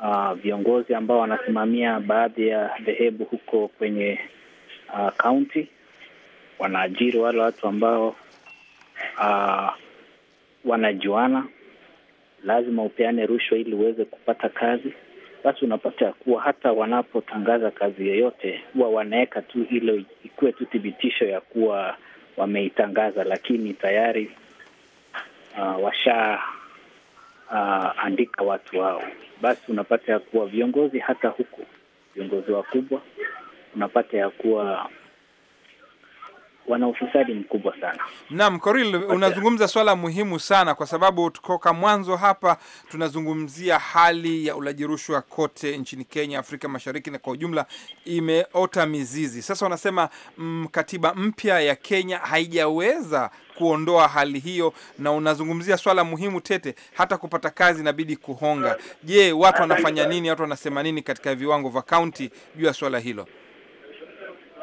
uh, viongozi ambao wanasimamia baadhi ya dhehebu huko kwenye kaunti ah, uh, wanaajiri wale watu ambao uh, wanajuana. Lazima upeane rushwa ili uweze kupata kazi basi unapata kuwa hata wanapotangaza kazi yoyote huwa wanaweka tu ile ikuwe tu thibitisho ya kuwa wameitangaza, lakini tayari uh, ah, washa uh, andika ah, watu wao. Basi unapata ya kuwa viongozi hata huku, viongozi wakubwa, unapata ya kuwa wana ufisadi mkubwa sana. Naam, Koril, unazungumza swala muhimu sana kwa sababu tukoka mwanzo hapa tunazungumzia hali ya ulaji rushwa kote nchini Kenya, Afrika Mashariki na kwa ujumla imeota mizizi. Sasa wanasema mm, katiba mpya ya Kenya haijaweza kuondoa hali hiyo, na unazungumzia swala muhimu tete. Hata kupata kazi inabidi kuhonga. Je, watu wanafanya nini? Watu wanasema nini katika viwango vya kaunti juu ya swala hilo?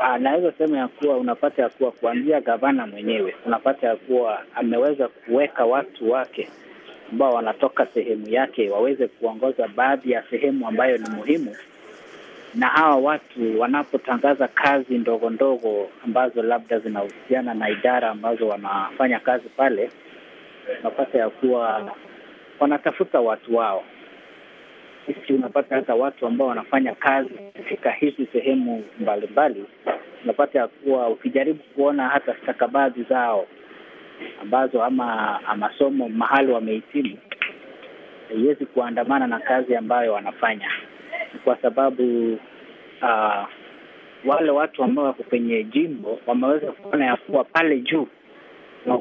Ah, naweza sema ya kuwa unapata ya kuwa kuanzia gavana mwenyewe unapata ya kuwa ameweza kuweka watu wake ambao wanatoka sehemu yake waweze kuongoza baadhi ya sehemu ambayo ni muhimu, na hawa watu wanapotangaza kazi ndogo ndogo ambazo labda zinahusiana na idara ambazo wanafanya kazi pale, unapata ya kuwa wanatafuta watu wao sisi unapata hata watu ambao wanafanya kazi katika hizi sehemu mbalimbali, unapata ya kuwa ukijaribu kuona hata stakabadhi zao ambazo ama masomo mahali wamehitimu, haiwezi kuandamana na kazi ambayo wanafanya, kwa sababu uh, wale watu ambao wako kwenye jimbo wameweza kuona ya kuwa pale juu na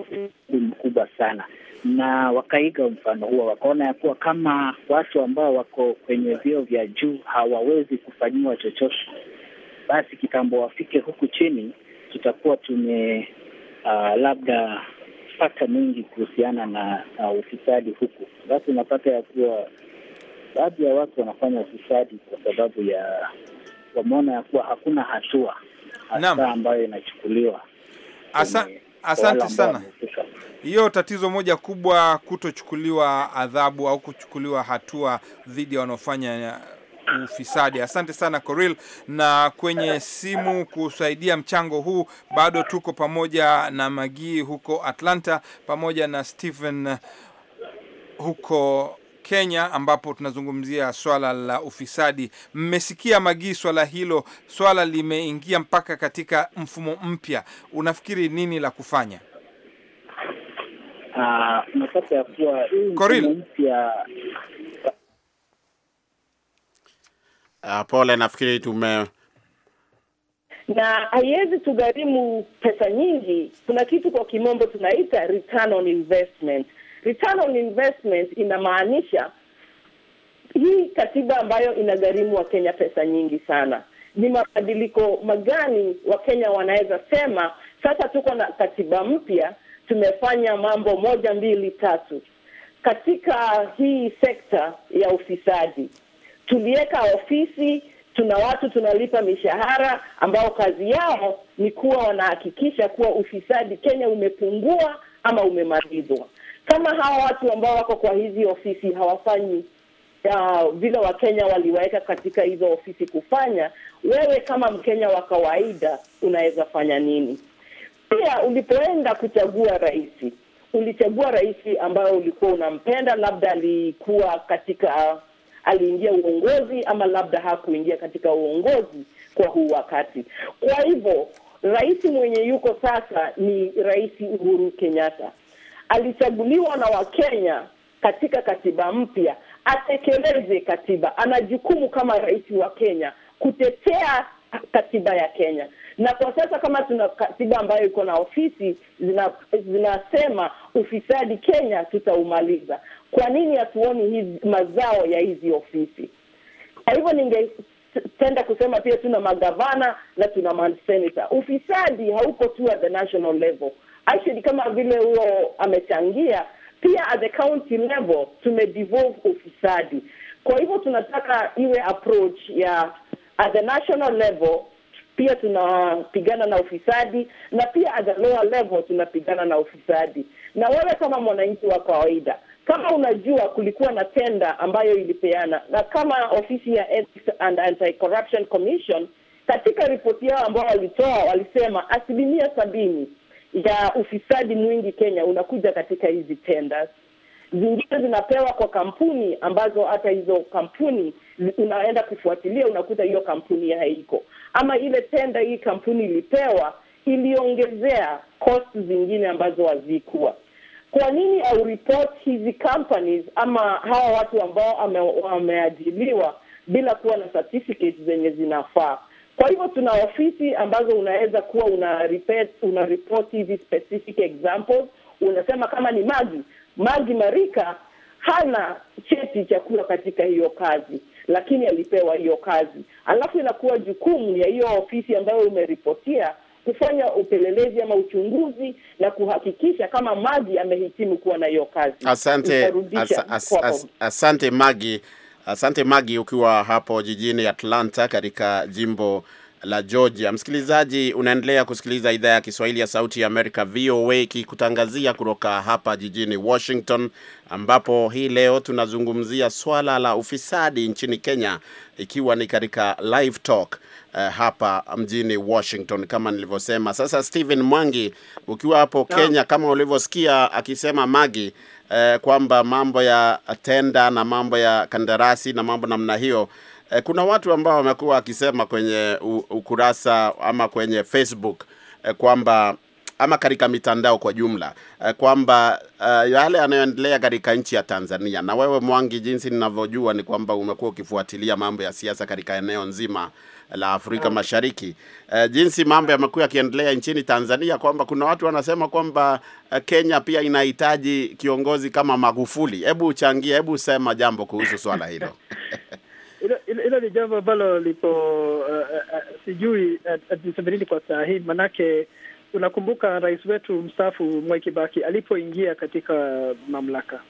mkubwa sana na wakaiga mfano huo, wakaona ya kuwa kama watu ambao wako kwenye vyeo vya juu hawawezi kufanyiwa chochote, basi kitambo wafike huku chini, tutakuwa tume uh, labda pata mingi kuhusiana na uh, ufisadi huku. Basi unapata ya kuwa baadhi ya watu wanafanya ufisadi kwa sababu ya wameona ya kuwa hakuna hatua hasa ambayo inachukuliwa. Asa, Asante sana. Hiyo tatizo moja kubwa, kutochukuliwa adhabu au kuchukuliwa hatua dhidi ya wanaofanya ufisadi. Asante sana coril na kwenye simu kusaidia mchango huu. Bado tuko pamoja na Magii huko Atlanta, pamoja na Stephen huko Kenya ambapo tunazungumzia swala la ufisadi. Mmesikia Magii, swala hilo swala limeingia mpaka katika mfumo mpya, unafikiri nini la kufanya? Uh, uh, pole, nafikiri tume na haiwezi tugharimu pesa nyingi. Kuna kitu kwa kimombo tunaita return on investment Return on investment inamaanisha hii katiba ambayo inagharimu Wakenya pesa nyingi sana, ni mabadiliko magani Wakenya wanaweza sema sasa tuko na katiba mpya, tumefanya mambo moja mbili tatu katika hii sekta ya ufisadi. Tuliweka ofisi, tuna watu tunalipa mishahara ambao kazi yao ni kuwa wanahakikisha kuwa ufisadi Kenya umepungua ama umemalizwa kama hawa watu ambao wako kwa hizi ofisi hawafanyi uh, vile Wakenya waliwaweka katika hizo ofisi kufanya, wewe kama Mkenya wa kawaida unaweza fanya nini? Pia ulipoenda kuchagua rais, ulichagua rais ambayo ulikuwa unampenda, labda alikuwa katika aliingia uongozi ama labda hakuingia katika uongozi kwa huu wakati. Kwa hivyo rais mwenye yuko sasa ni Rais Uhuru Kenyatta alichaguliwa na Wakenya katika katiba mpya, atekeleze katiba. Ana jukumu kama rais wa Kenya kutetea katiba ya Kenya. Na kwa sasa kama tuna katiba ambayo iko na ofisi zina, zinasema ufisadi Kenya tutaumaliza, kwa nini hatuoni hizi mazao ya hizi ofisi? Kwa hivyo ningependa kusema pia tuna magavana na tuna maseneta. Ufisadi hauko tu at the national level actually kama vile huo amechangia pia, at the county level devolve ufisadi. Kwa hivyo tunataka iwe approach ya at the national level pia tunapigana na ufisadi na pia at the lower level tunapigana na ufisadi. Na wewe kama mwananchi wa kawaida, kama unajua kulikuwa na tenda ambayo ilipeana, na kama ofisi ya Ethics and Anti-Corruption Commission katika ripoti yao ambao walitoa walisema asilimia sabini ya ufisadi mwingi Kenya unakuja katika hizi tenders. Zingine zinapewa kwa kampuni ambazo hata hizo kampuni unaenda kufuatilia, unakuta hiyo kampuni haiko, ama ile tenda hii kampuni ilipewa iliongezea cost zingine ambazo hazikuwa. Kwa nini report hizi companies ama hawa watu ambao wameajiliwa bila kuwa na certificate zenye zinafaa? Kwa hivyo tuna ofisi ambazo unaweza kuwa una repeat, una report hizi specific examples. Unasema kama ni Magi Magi Marika hana cheti cha kuwa katika hiyo kazi, lakini alipewa hiyo kazi, alafu inakuwa jukumu ya hiyo ofisi ambayo umeripotia kufanya upelelezi ama uchunguzi na kuhakikisha kama Magi amehitimu kuwa na hiyo kazi. Asante, as, as, as, asante Magi. Asante Magi, ukiwa hapo jijini Atlanta katika jimbo la Georgia. Msikilizaji, unaendelea kusikiliza idhaa ya Kiswahili ya Sauti ya Amerika, VOA, ikikutangazia kutoka hapa jijini Washington, ambapo hii leo tunazungumzia swala la ufisadi nchini Kenya, ikiwa ni katika live talk uh, hapa mjini Washington kama nilivyosema. Sasa Stephen Mwangi, ukiwa hapo no. Kenya, kama ulivyosikia akisema Magi eh, kwamba mambo ya tenda na mambo ya kandarasi na mambo namna hiyo eh, kuna watu ambao wamekuwa wakisema kwenye ukurasa ama kwenye Facebook eh, kwamba ama katika mitandao kwa jumla eh, kwamba uh, yale yanayoendelea katika nchi ya Tanzania, na wewe Mwangi, jinsi ninavyojua ni kwamba umekuwa ukifuatilia mambo ya siasa katika eneo nzima la Afrika Mashariki uh, jinsi mambo yamekuwa yakiendelea nchini Tanzania kwamba kuna watu wanasema kwamba eh, Kenya pia inahitaji kiongozi kama Magufuli. Hebu uchangie, hebu sema jambo kuhusu swala hilo. Hilo ni jambo ambalo lipo uh, uh, sijui niseme nini kwa saa hii, manake unakumbuka rais wetu mstaafu Mwai Kibaki alipoingia katika mamlaka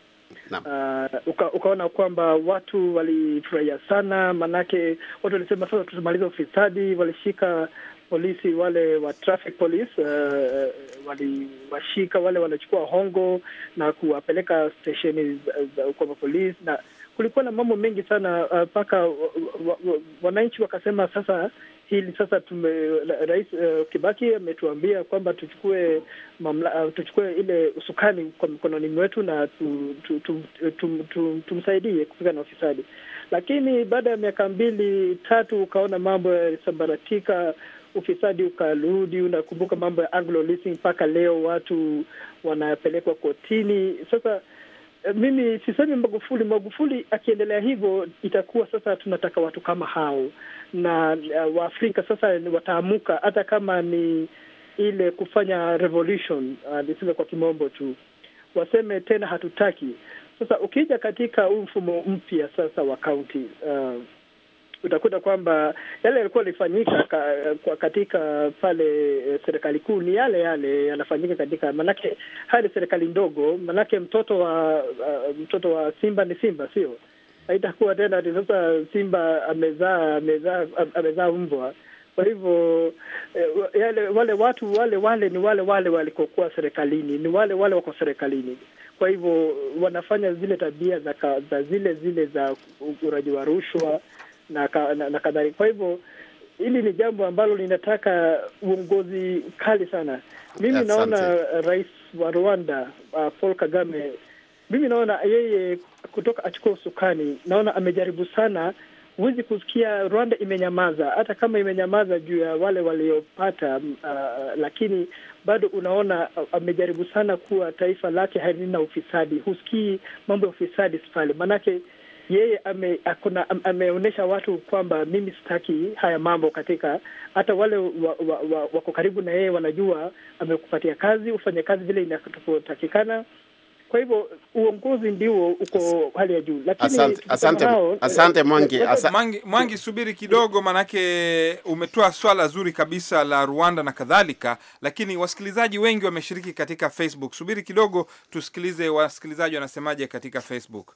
uh, uka, ukaona kwamba watu walifurahia sana, maanake watu walisema sasa tumaliza ufisadi. Walishika polisi wale wa traffic police uh, uh waliwashika wale wanachukua hongo na kuwapeleka stesheni kwa mapolisi, na kulikuwa na mambo mengi sana mpaka uh, uh, uh, wananchi wakasema sasa hili sasa tume, Rais uh, Kibaki ametuambia kwamba tuchukue mamla, uh, tuchukue ile usukani kwa mikononi mwetu na tu, tu, tu, tu, tu, tu, tumsaidie kupigana na ufisadi, lakini baada ya miaka mbili tatu ukaona mambo yalisambaratika, ufisadi ukarudi. Unakumbuka mambo ya Anglo leasing, mpaka leo watu wanapelekwa kotini sasa Eh, mimi sisemi Magufuli. Magufuli akiendelea hivyo itakuwa sasa tunataka watu kama hao, na uh, Waafrika sasa wataamuka, hata kama ni ile kufanya revolution uh, niseme kwa kimombo tu, waseme tena hatutaki. Sasa ukija katika huu mfumo mpya sasa wa kaunti uh, eh, utakuta kwamba yale yalikuwa alifanyika ka, kwa katika pale eh, serikali kuu ni yale yale yanafanyika katika, manake haya ni serikali ndogo, manake mtoto wa uh, mtoto wa simba ni simba, sio haitakuwa tena ati sasa simba amezaa amezaa mbwa. Kwa hivyo eh, yale wale watu wale wale ni wale wale walikokuwa serikalini, ni wale wale wako serikalini. Kwa hivyo wanafanya zile tabia za, za zile zile za uraji wa rushwa na, na, na kadhalika. Kwa hivyo hili ni jambo ambalo linataka uongozi kali sana. Mimi That's naona something. Uh, rais wa Rwanda uh, Paul Kagame, mimi naona yeye kutoka achukua usukani, naona amejaribu sana. Huwezi kusikia Rwanda imenyamaza, hata kama imenyamaza juu ya wale waliopata, uh, lakini bado unaona uh, amejaribu sana kuwa taifa lake halina ufisadi. Husikii mambo ya ufisadi pale, maanake yeye ame, akuna, ameonyesha watu kwamba mimi sitaki haya mambo katika hata wale wako wa, wa, wako karibu na yeye wanajua amekupatia kazi, ufanye kazi vile inavyotakikana. Kwa hivyo uongozi ndio uko hali ya juu, lakini asante, asante, eh, asante eh, Mwangi, eh, asante. Mwangi, Mwangi subiri kidogo, manake umetoa swala zuri kabisa la Rwanda na kadhalika, lakini wasikilizaji wengi wameshiriki katika Facebook. Subiri kidogo tusikilize wasikilizaji wanasemaje katika Facebook.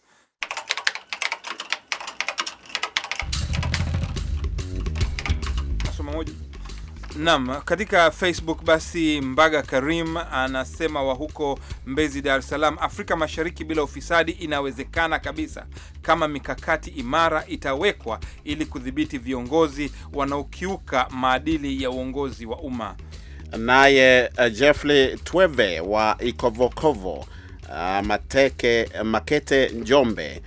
pamoja Naam, katika Facebook basi Mbaga Karim anasema wa huko Mbezi, Dar es Salaam, Afrika Mashariki bila ufisadi inawezekana kabisa, kama mikakati imara itawekwa ili kudhibiti viongozi wanaokiuka maadili ya uongozi wa umma. Naye eh, Jeffrey Tweve wa Ikovokovo, uh, Mateke Makete, Njombe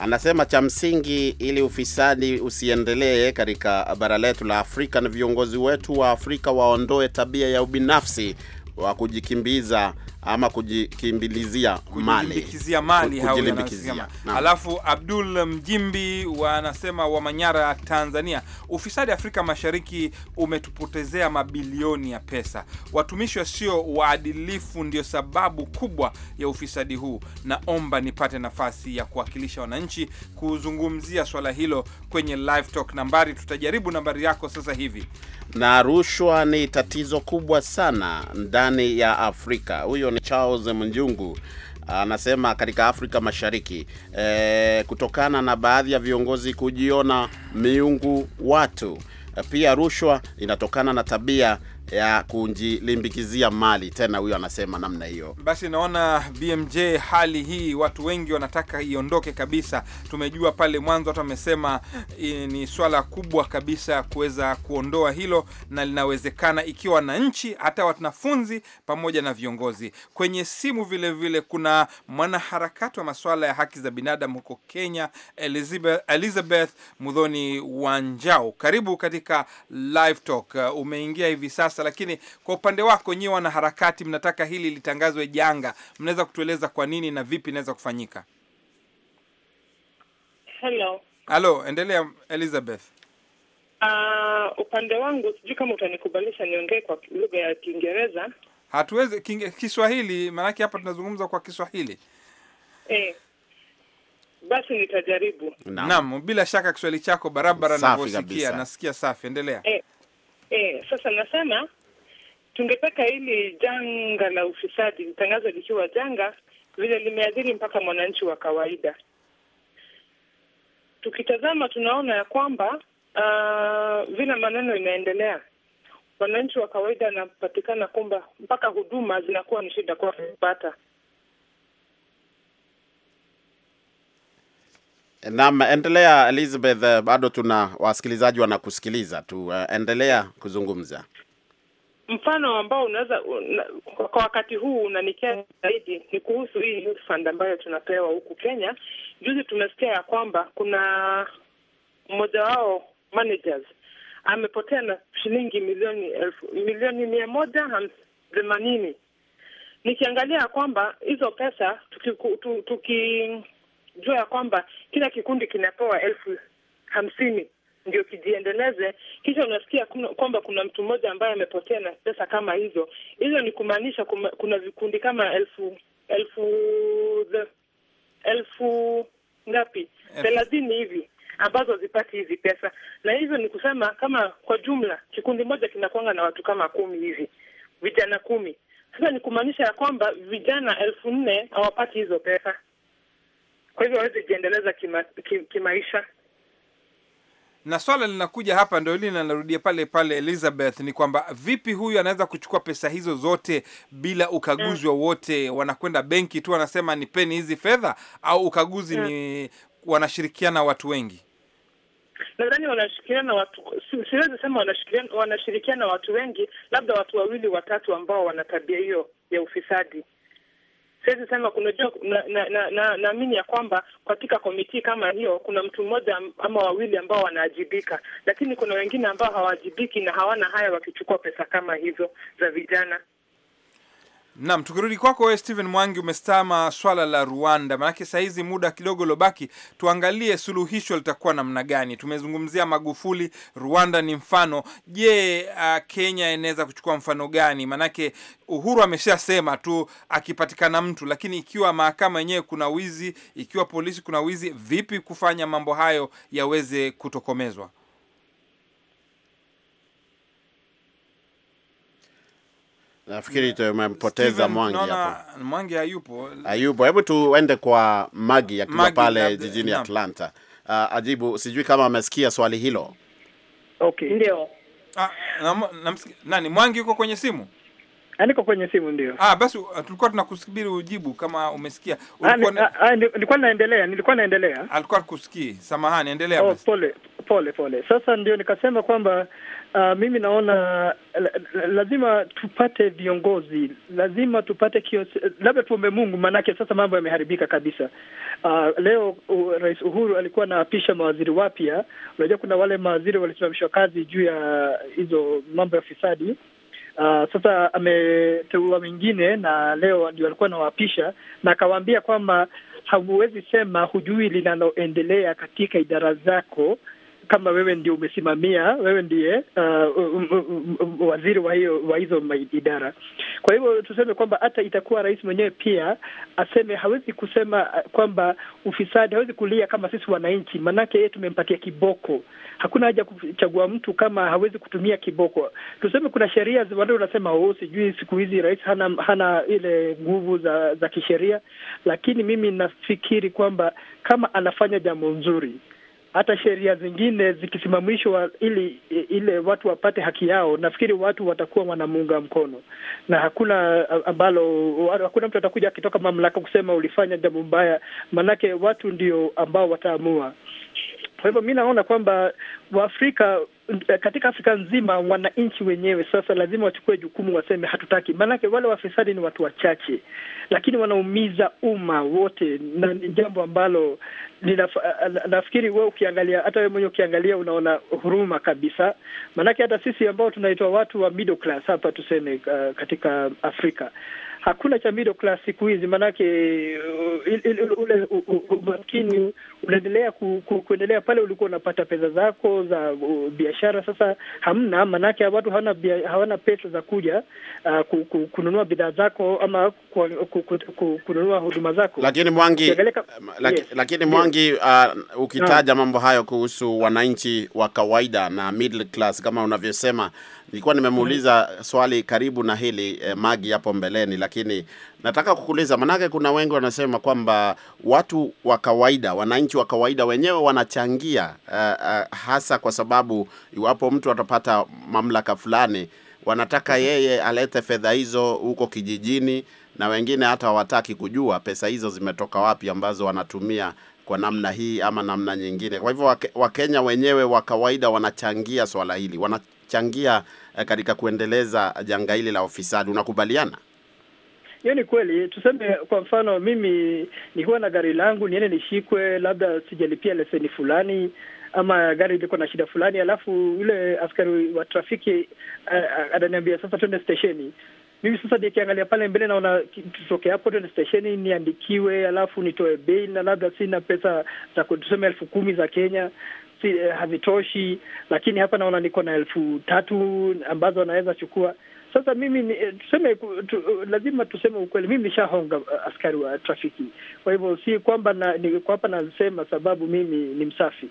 Anasema cha msingi ili ufisadi usiendelee katika bara letu la Afrika, na viongozi wetu wa Afrika waondoe tabia ya ubinafsi wa kujikimbiza ama kujikimbilizia mali, mali kujilimbikizia. Alafu Abdul Mjimbi wanasema wa Manyara, Tanzania, ufisadi Afrika Mashariki umetupotezea mabilioni ya pesa. Watumishi wasio waadilifu ndio sababu kubwa ya ufisadi huu. Naomba nipate nafasi ya kuwakilisha wananchi kuzungumzia swala hilo kwenye live talk. Nambari tutajaribu nambari yako sasa hivi. Na rushwa ni tatizo kubwa sana ndani ya Afrika. Huyo Union Charles Mnjungu anasema katika Afrika Mashariki e, kutokana na baadhi ya viongozi kujiona miungu watu, pia rushwa inatokana na tabia ya kujilimbikizia mali tena. Huyo anasema namna hiyo. Basi naona BMJ, hali hii watu wengi wanataka iondoke kabisa. Tumejua pale mwanzo hata amesema ni swala kubwa kabisa kuweza kuondoa hilo, na linawezekana ikiwa na nchi hata wanafunzi pamoja na viongozi. Kwenye simu vile vile kuna mwanaharakati wa masuala ya haki za binadamu huko Kenya, Elizabeth, Elizabeth Mudhoni Wanjao. Karibu katika Live Talk. Umeingia hivi sasa sasa, lakini kwa upande wako nyiwe wanaharakati, mnataka hili litangazwe janga, mnaweza kutueleza kwa nini na vipi inaweza kufanyika? Hello. Halo, endelea Elizabeth. Uh, upande wangu sijui kama utanikubalisha niongee kwa lugha ya Kiingereza. Hatuwezi king, Kiswahili, maanake hapa tunazungumza kwa Kiswahili eh. Basi nitajaribu. Naam, bila shaka Kiswahili chako barabara ninavyosikia, nasikia safi. Endelea eh. E, sasa nasema tungetaka hili janga la ufisadi litangazo likiwa janga vile limeathiri mpaka mwananchi wa kawaida. Tukitazama tunaona ya kwamba uh, vile maneno inaendelea, wananchi wa kawaida wanapatikana kwamba mpaka huduma zinakuwa ni shida kwa kupata Naam, endelea Elizabeth, eh, bado tuna wasikilizaji wanakusikiliza tu. Uh, endelea kuzungumza. Mfano ambao unaweza una, kwa wakati huu unanikea zaidi ni kuhusu hii youth fund ambayo tunapewa huku Kenya. Juzi tumesikia ya kwamba kuna mmoja wao managers amepotea na shilingi milioni elfu milioni mia moja themanini. Nikiangalia ya kwamba hizo pesa tuki, tuki jua ya kwamba kila kikundi kinapewa elfu hamsini ndio kijiendeleze. Kisha unasikia kwamba kuna mtu mmoja ambaye amepotea na pesa kama hizo. Hizo ni kumaanisha kuna vikundi kama elfu elfu elfu ngapi thelathini hivi ambazo hazipati hizi pesa, na hivyo ni kusema kama kwa jumla kikundi moja kinakwanga na watu kama kumi hivi, vijana kumi. Sasa ni kumaanisha ya kwamba vijana elfu nne hawapati hizo pesa kwa hivyo hawezi jiendeleza kima, kimaisha. Na swala linakuja hapa, ndio hili linarudia pale pale, Elizabeth, ni kwamba vipi huyu anaweza kuchukua pesa hizo zote bila ukaguzi mm. wowote? Yeah. Wanakwenda benki tu, wanasema nipeni hizi fedha, au ukaguzi? Yeah. Mm. Ni wanashirikiana watu wengi nadhani wanashirikiana watu, siwezi sema wanashirikiana watu wengi, labda watu wawili watatu ambao wana tabia hiyo ya ufisadi siwezi sema. kunajua naamini ya kwamba katika komiti kama hiyo kuna mtu mmoja ama wawili ambao wanaajibika, lakini kuna wengine ambao hawaajibiki na hawana haya wakichukua pesa kama hizo za vijana. Naam, tukirudi kwako wewe Steven Mwangi, umestama swala la Rwanda, maanake saa hizi muda kidogo uliobaki, tuangalie suluhisho litakuwa namna gani. Tumezungumzia Magufuli, Rwanda ni mfano. Je, uh, Kenya inaweza kuchukua mfano gani? Maanake Uhuru ameshasema tu akipatikana mtu, lakini ikiwa mahakama yenyewe kuna wizi, ikiwa polisi kuna wizi, vipi kufanya mambo hayo yaweze kutokomezwa? Nafikiri tumempoteza Mwangi hapo. Mwangi hayupo. Hayupo. Hebu tuende kwa Magi akiwa pale jijini na Atlanta. Uh, ajibu sijui kama amesikia swali hilo. Okay. Ndio. Ah, nani Mwangi yuko kwenye simu? Ah, niko kwenye simu ndio. Ah, basi uh, tulikuwa tunakusubiri ujibu kama umesikia. Ulikuwa nilikuwa naendelea, nilikuwa naendelea. Alikuwa kusikii. Samahani, endelea oh, basi. pole pole pole. Sasa ndio nikasema kwamba Uh, mimi naona lazima tupate viongozi, lazima tupate kios, labda tuombe Mungu, maanake sasa mambo yameharibika kabisa. Uh, leo uh, Rais Uhuru alikuwa anaapisha mawaziri wapya. Unajua kuna wale mawaziri walisimamishwa kazi juu ya hizo mambo ya ufisadi. Uh, sasa ameteua wengine na leo ndio alikuwa anawaapisha na akawaambia kwamba hauwezi sema hujui linaloendelea katika idara zako kama wewe ndio umesimamia, wewe ndiye uh, waziri wa hiyo wa hizo idara. Kwa hivyo tuseme kwamba hata itakuwa rais mwenyewe pia aseme, hawezi kusema uh, kwamba ufisadi, hawezi kulia kama sisi wananchi, maanake yeye tumempatia kiboko. Hakuna haja kuchagua mtu kama hawezi kutumia kiboko. Tuseme kuna sheria wale unasema oh, sijui siku hizi rais hana hana ile nguvu za za kisheria, lakini mimi nafikiri kwamba kama anafanya jambo nzuri hata sheria zingine zikisimamishwa ili ile watu wapate haki yao, nafikiri watu watakuwa wanamuunga mkono, na hakuna ambalo, hakuna mtu atakuja akitoka mamlaka kusema ulifanya jambo mbaya, maanake watu ndio ambao wataamua. Kwa hivyo mi naona kwamba Waafrika katika Afrika nzima wananchi wenyewe sasa lazima wachukue jukumu, waseme hatutaki. Maanake wale wafisadi ni watu wachache, lakini wanaumiza umma wote, na ni jambo ambalo nafikiri we ukiangalia, hata wee mwenyewe ukiangalia, unaona huruma kabisa. Maanake hata sisi ambao tunaitwa watu wa middle class hapa tuseme, uh, katika Afrika hakuna cha middle class siku hizi, maanake uh, ule umaskini unaendelea ku, ku, kuendelea pale ulikuwa unapata pesa zako za uh, biashara. Sasa hamna, maanake watu hawana, hawana pesa za kuja uh, ku, ku, kununua bidhaa zako ama ku, ku, ku, ku, kununua huduma zako. Lakini Mwangi, um, laki, yes. Lakini Mwangi yes. Uh, ukitaja mambo hayo kuhusu wananchi wa kawaida na middle class kama unavyosema Nilikuwa nimemuuliza swali karibu na hili eh, mm-hmm. Magi hapo mbeleni, lakini nataka kukuuliza, manake kuna wengi wanasema kwamba watu wa kawaida, wananchi wa kawaida wenyewe wanachangia eh, eh, hasa kwa sababu iwapo mtu atapata mamlaka fulani wanataka mm-hmm. yeye alete fedha hizo huko kijijini, na wengine hata hawataki kujua pesa hizo zimetoka wapi, ambazo wanatumia kwa namna hii ama namna nyingine. Kwa hivyo Wakenya wenyewe wa kawaida wanachangia swala hili, wanachangia Eh, katika kuendeleza janga hili la ufisadi. Unakubaliana? Hiyo ni kweli. Tuseme kwa mfano, mimi nikiwa na gari langu niende nishikwe, labda sijalipia leseni fulani ama gari liko na shida fulani, alafu yule askari wa trafiki eh, ananiambia sasa, twende stesheni. Mimi sasa nikiangalia pale mbele naona tutoke hapo twende stesheni niandikiwe, alafu nitoe bei, na labda sina pesa za tuseme elfu kumi za Kenya si, eh, havitoshi, lakini hapa naona niko na elfu tatu ambazo anaweza chukua. Sasa mimi ni, eh, tuseme tu, eh, lazima tuseme ukweli, mimi nishahonga askari wa trafiki. Kwa hivyo si kwamba na, ni, kwa hapa nasema sababu mimi ni msafi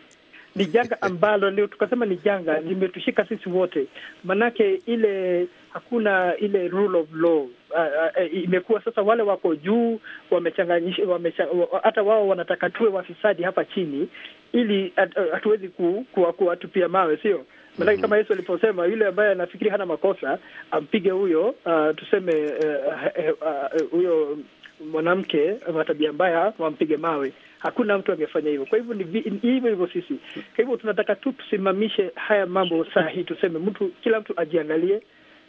ni janga ambalo leo tukasema ni janga limetushika sisi wote, manake ile hakuna ile rule of law. Uh, uh, imekuwa sasa wale wako juu wamechanganyisha, hata wao wanataka tuwe wafisadi hapa chini, ili eh, hatuwezi ku, ku, kuwatupia mawe, sio manake mm -hmm. Kama Yesu aliposema yule ambaye anafikiri hana makosa ampige huyo, uh, tuseme eh, huyo uh, uh, uh, uh, mwanamke matabia tabia mbaya wampige mawe. Hakuna mtu amefanya hivyo. Kwa hivyo ni hivyo hivyo sisi. Kwa hivyo tunataka tu tusimamishe haya mambo sahihi, tuseme mtu, kila mtu ajiangalie,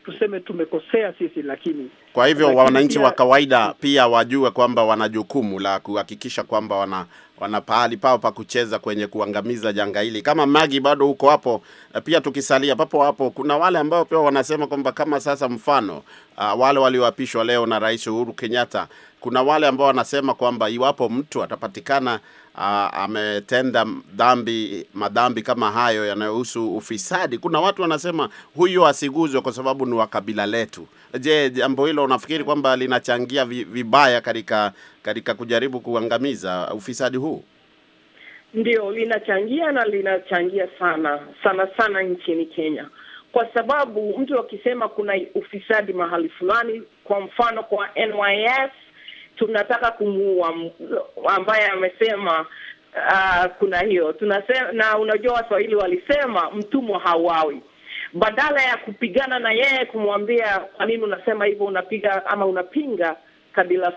tuseme tumekosea sisi, lakini kwa hivyo wananchi wa kawaida pia wajue kwamba wana jukumu la kuhakikisha kwamba wana wana pahali pao pa kucheza kwenye kuangamiza janga hili. Kama Magi bado huko hapo, eh, pia tukisalia papo hapo, kuna wale ambao pia wanasema kwamba kama sasa mfano uh, wale walioapishwa leo na Rais Uhuru Kenyatta kuna wale ambao wanasema kwamba iwapo mtu atapatikana uh, ametenda dhambi madhambi kama hayo yanayohusu ufisadi, kuna watu wanasema huyo asiguzwe kwa sababu ni wa kabila letu. Je, jambo hilo unafikiri kwamba linachangia vibaya katika katika kujaribu kuangamiza ufisadi huu? Ndio, linachangia na linachangia sana sana sana nchini Kenya, kwa sababu mtu akisema kuna ufisadi mahali fulani, kwa mfano kwa NYS tunataka kumuua ambaye amesema uh, kuna hiyo tunasema, na unajua Waswahili walisema mtumwa hauawi. Badala ya kupigana na yeye kumwambia kwa nini unasema hivyo, unapiga ama unapinga kabila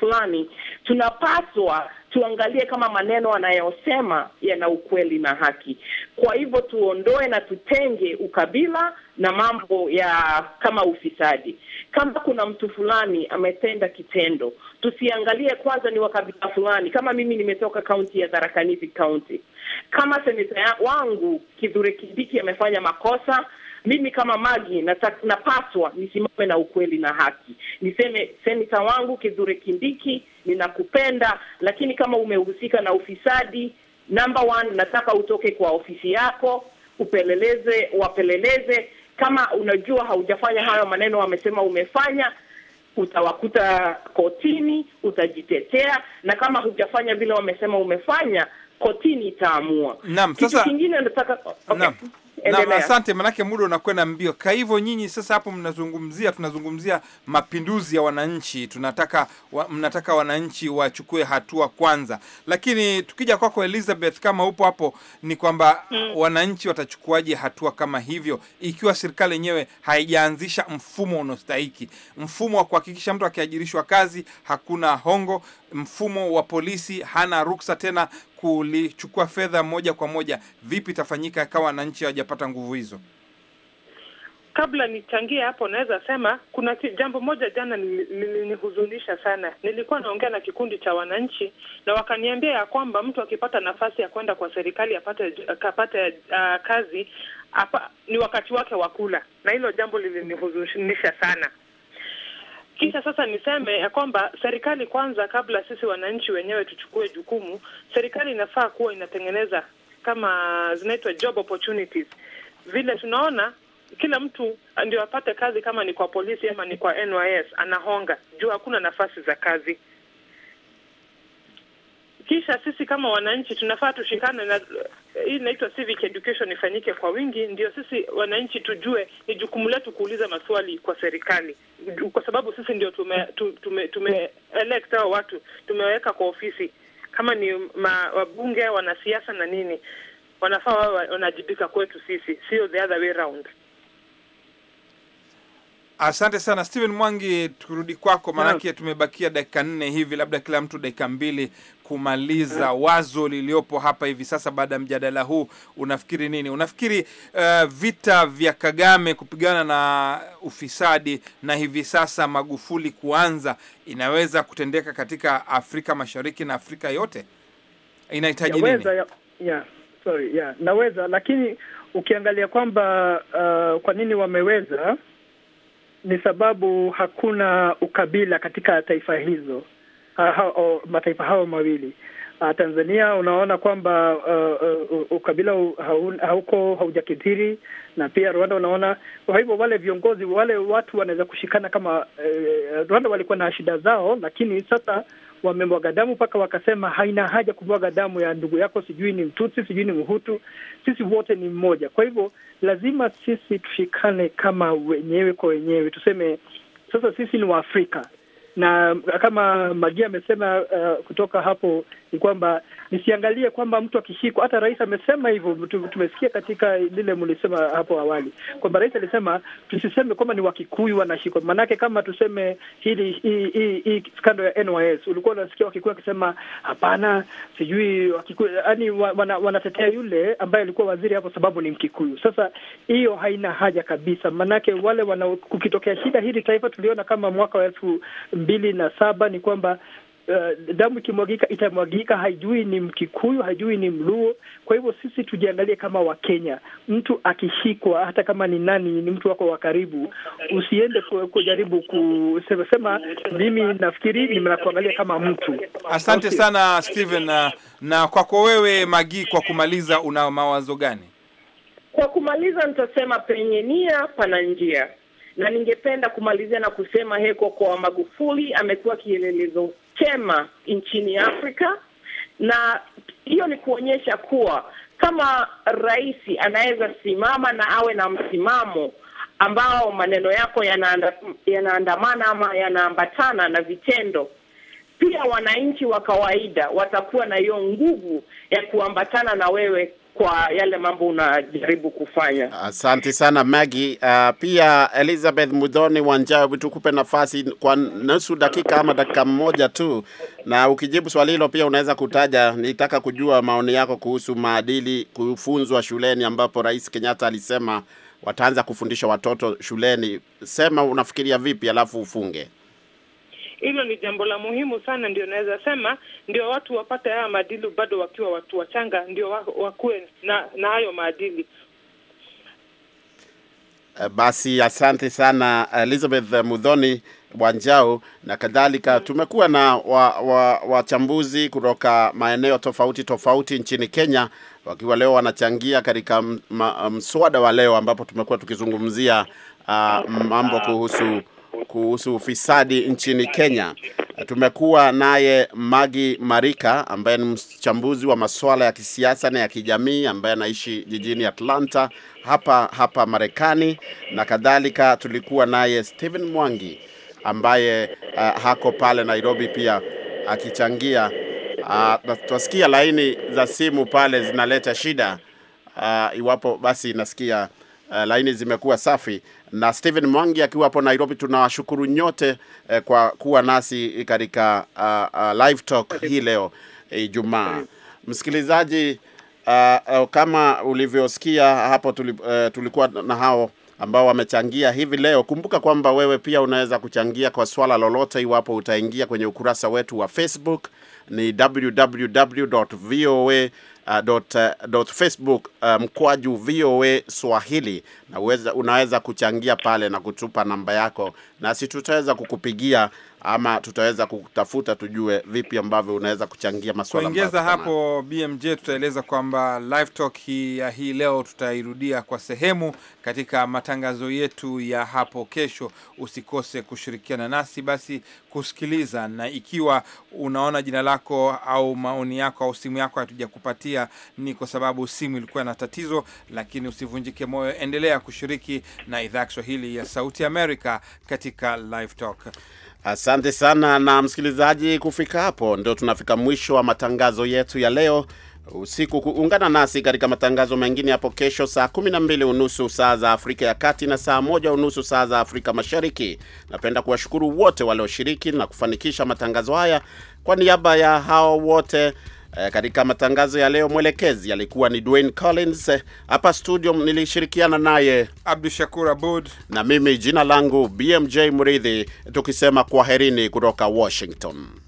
fulani, tunapaswa tuangalie kama maneno anayosema yana ukweli na haki. Kwa hivyo tuondoe na tutenge ukabila na mambo ya kama ufisadi. Kama kuna mtu fulani ametenda kitendo, tusiangalie kwanza ni wakabila fulani. Kama mimi nimetoka kaunti ya Tharaka Nithi kaunti, kama seneta wangu Kithure Kindiki amefanya makosa mimi kama Magi napaswa nisimame na ukweli na haki, niseme seneta wangu Kithure Kindiki, ninakupenda, lakini kama umehusika na ufisadi, number one, nataka utoke kwa ofisi yako, upeleleze, wapeleleze. Kama unajua haujafanya hayo maneno wamesema umefanya, utawakuta kotini, utajitetea, na kama hujafanya vile wamesema umefanya, kotini itaamua. Naam, sasa kingine nataka okay na asante, manake muda unakwenda mbio. Kwa hivyo nyinyi sasa hapo mnazungumzia, tunazungumzia mapinduzi ya wananchi, tunataka wa, mnataka wananchi wachukue hatua kwanza, lakini tukija kwako kwa Elizabeth, kama upo hapo, ni kwamba mm, wananchi watachukuaje hatua kama hivyo ikiwa serikali yenyewe haijaanzisha mfumo unaostahiki, mfumo wa kuhakikisha mtu akiajirishwa kazi hakuna hongo, mfumo wa polisi hana ruksa tena kulichukua fedha moja kwa moja, vipi itafanyika akawa wananchi hawajapata nguvu hizo? Kabla nichangie hapo, naweza sema kuna jambo moja jana lilinihuzunisha sana. Nilikuwa naongea na kikundi cha wananchi na wakaniambia ya kwamba mtu akipata nafasi ya kwenda kwa serikali apate uh, kazi apa, ni wakati wake wa kula, na hilo jambo lilinihuzunisha sana. Kisha sasa niseme ya kwamba serikali kwanza, kabla sisi wananchi wenyewe tuchukue jukumu, serikali inafaa kuwa inatengeneza kama zinaitwa job opportunities. Vile tunaona kila mtu ndio apate kazi, kama ni kwa polisi ama ni kwa NYS anahonga juu hakuna nafasi za kazi. Kisha sisi kama wananchi tunafaa tushikane na hii inaitwa civic education ifanyike kwa wingi, ndio sisi wananchi tujue ni jukumu letu kuuliza maswali kwa serikali, kwa sababu sisi ndio tume, tume, tume elect hao watu, tumeweka kwa ofisi kama ni ma, wabunge, wanasiasa na nini, wanafaa wao wanajibika kwetu sisi, sio the other way round. Asante sana Steven Mwangi, turudi kwako maanake tumebakia dakika nne hivi, labda kila mtu dakika mbili kumaliza wazo liliopo hapa hivi sasa. Baada ya mjadala huu, unafikiri nini? Unafikiri uh, vita vya Kagame kupigana na ufisadi na hivi sasa Magufuli kuanza inaweza kutendeka katika Afrika Mashariki na Afrika yote? Inahitaji nini? sorry, yeah, naweza, lakini ukiangalia kwamba uh, kwa nini wameweza ni sababu hakuna ukabila katika taifa hizo ha, o, mataifa hayo mawili. Ah, Tanzania unaona kwamba uh, uh, ukabila hauko haujakithiri, na pia Rwanda unaona. Kwa hivyo wale viongozi wale watu wanaweza kushikana kama uh, Rwanda walikuwa na shida zao, lakini sasa wamemwaga damu mpaka wakasema haina haja kumwaga damu ya ndugu yako, sijui ni Mtutsi, sijui ni Mhutu, sisi wote ni mmoja. Kwa hivyo lazima sisi tushikane kama wenyewe kwa wenyewe, tuseme sasa sisi ni Waafrika na kama Magia amesema uh, kutoka hapo ni kwamba nisiangalie kwamba mtu akishikwa. Hata rais amesema hivyo, tumesikia katika lile mlisema hapo awali kwamba rais alisema tusiseme kwamba ni Wakikuyu wanashikwa, maanake kama tuseme hili hii skando ya NYS, ulikuwa unasikia Wakikuyu akisema hapana, sijui Wakikuyu yaani wana, wanatetea yule ambaye alikuwa waziri hapo sababu ni Mkikuyu. Sasa hiyo haina haja kabisa, maanake wale wana kukitokea shida hili taifa tuliona kama mwaka wa elfu mbili na saba ni kwamba uh, damu ikimwagika itamwagika, haijui ni Mkikuyu, haijui ni Mluo. Kwa hivyo sisi tujiangalie kama Wakenya, mtu akishikwa, hata kama ni nani, ni mtu wako wa karibu, usiende kujaribu kusema mimi nafikiri nimekuangalia kama mtu. Asante sana Steven, na, na kwako wewe Magi, kwa kumaliza, una mawazo gani? Kwa kumaliza nitasema penye nia pana njia, na ningependa kumalizia na kusema heko kwa Magufuli, amekuwa kielelezo chema nchini Afrika, na hiyo ni kuonyesha kuwa kama rais anaweza simama na awe na msimamo ambao maneno yako yanaandamana ama yanaambatana na vitendo, pia wananchi wa kawaida watakuwa na hiyo nguvu ya kuambatana na wewe kwa yale mambo unajaribu kufanya. Asante sana Maggie. Uh, pia Elizabeth Mudhoni Wanjawi, tukupe nafasi kwa nusu dakika ama dakika mmoja tu, na ukijibu swali hilo pia unaweza kutaja, nitaka kujua maoni yako kuhusu maadili kufunzwa shuleni, ambapo Rais Kenyatta alisema wataanza kufundisha watoto shuleni. Sema unafikiria vipi, alafu ufunge. Hilo ni jambo la muhimu sana, ndio naweza sema ndio watu wapate haya maadili bado wakiwa watu wachanga, ndio wakuwe na, na hayo maadili. Eh, basi asante sana Elizabeth Mudhoni Wanjao na kadhalika. Mm. Tumekuwa na wachambuzi wa, wa kutoka maeneo tofauti tofauti nchini Kenya wakiwa leo wanachangia katika mswada wa leo ambapo tumekuwa tukizungumzia uh, mambo kuhusu kuhusu ufisadi nchini Kenya. Tumekuwa naye Magi Marika ambaye ni mchambuzi wa masuala ya kisiasa na ya kijamii ambaye anaishi jijini Atlanta hapa hapa Marekani, na kadhalika tulikuwa naye Stephen Mwangi ambaye uh, hako pale Nairobi pia akichangia. Uh, twasikia laini za simu pale zinaleta shida uh, iwapo basi nasikia uh, laini zimekuwa safi na Stephen Mwangi akiwa hapo Nairobi. Tunawashukuru nyote eh, kwa kuwa nasi katika uh, uh, live talk hii leo Ijumaa. msikilizaji, uh, uh, kama ulivyosikia hapo eh, tulikuwa na hao ambao wamechangia hivi leo. Kumbuka kwamba wewe pia unaweza kuchangia kwa swala lolote, iwapo utaingia kwenye ukurasa wetu wa Facebook ni facebook uh, mkwaju VOA Swahili, na unaweza kuchangia pale na kutupa namba yako, nasi tutaweza kukupigia ama tutaweza kutafuta tujue vipi ambavyo unaweza kuchangia masuala kuongeza hapo. BMJ, tutaeleza kwamba live talk hii ya hii leo tutairudia kwa sehemu katika matangazo yetu ya hapo kesho. Usikose kushirikiana nasi basi kusikiliza, na ikiwa unaona jina lako au maoni yako au simu yako hatujakupatia, ni kwa sababu simu ilikuwa na tatizo, lakini usivunjike moyo, endelea kushiriki na idhaa ya Kiswahili ya Sauti Amerika katika live talk. Asante sana na msikilizaji, kufika hapo ndio tunafika mwisho wa matangazo yetu ya leo usiku. Kuungana nasi katika matangazo mengine hapo kesho saa kumi na mbili unusu saa za Afrika ya Kati na saa moja unusu saa za Afrika Mashariki. Napenda kuwashukuru wote walioshiriki na kufanikisha matangazo haya. Kwa niaba ya hao wote E, katika matangazo ya leo mwelekezi alikuwa ni Dwayne Collins. Eh, hapa studio nilishirikiana naye shakur Abud na mimi jina langu BMJ Muridhi, tukisema kwaherini kutoka Washington.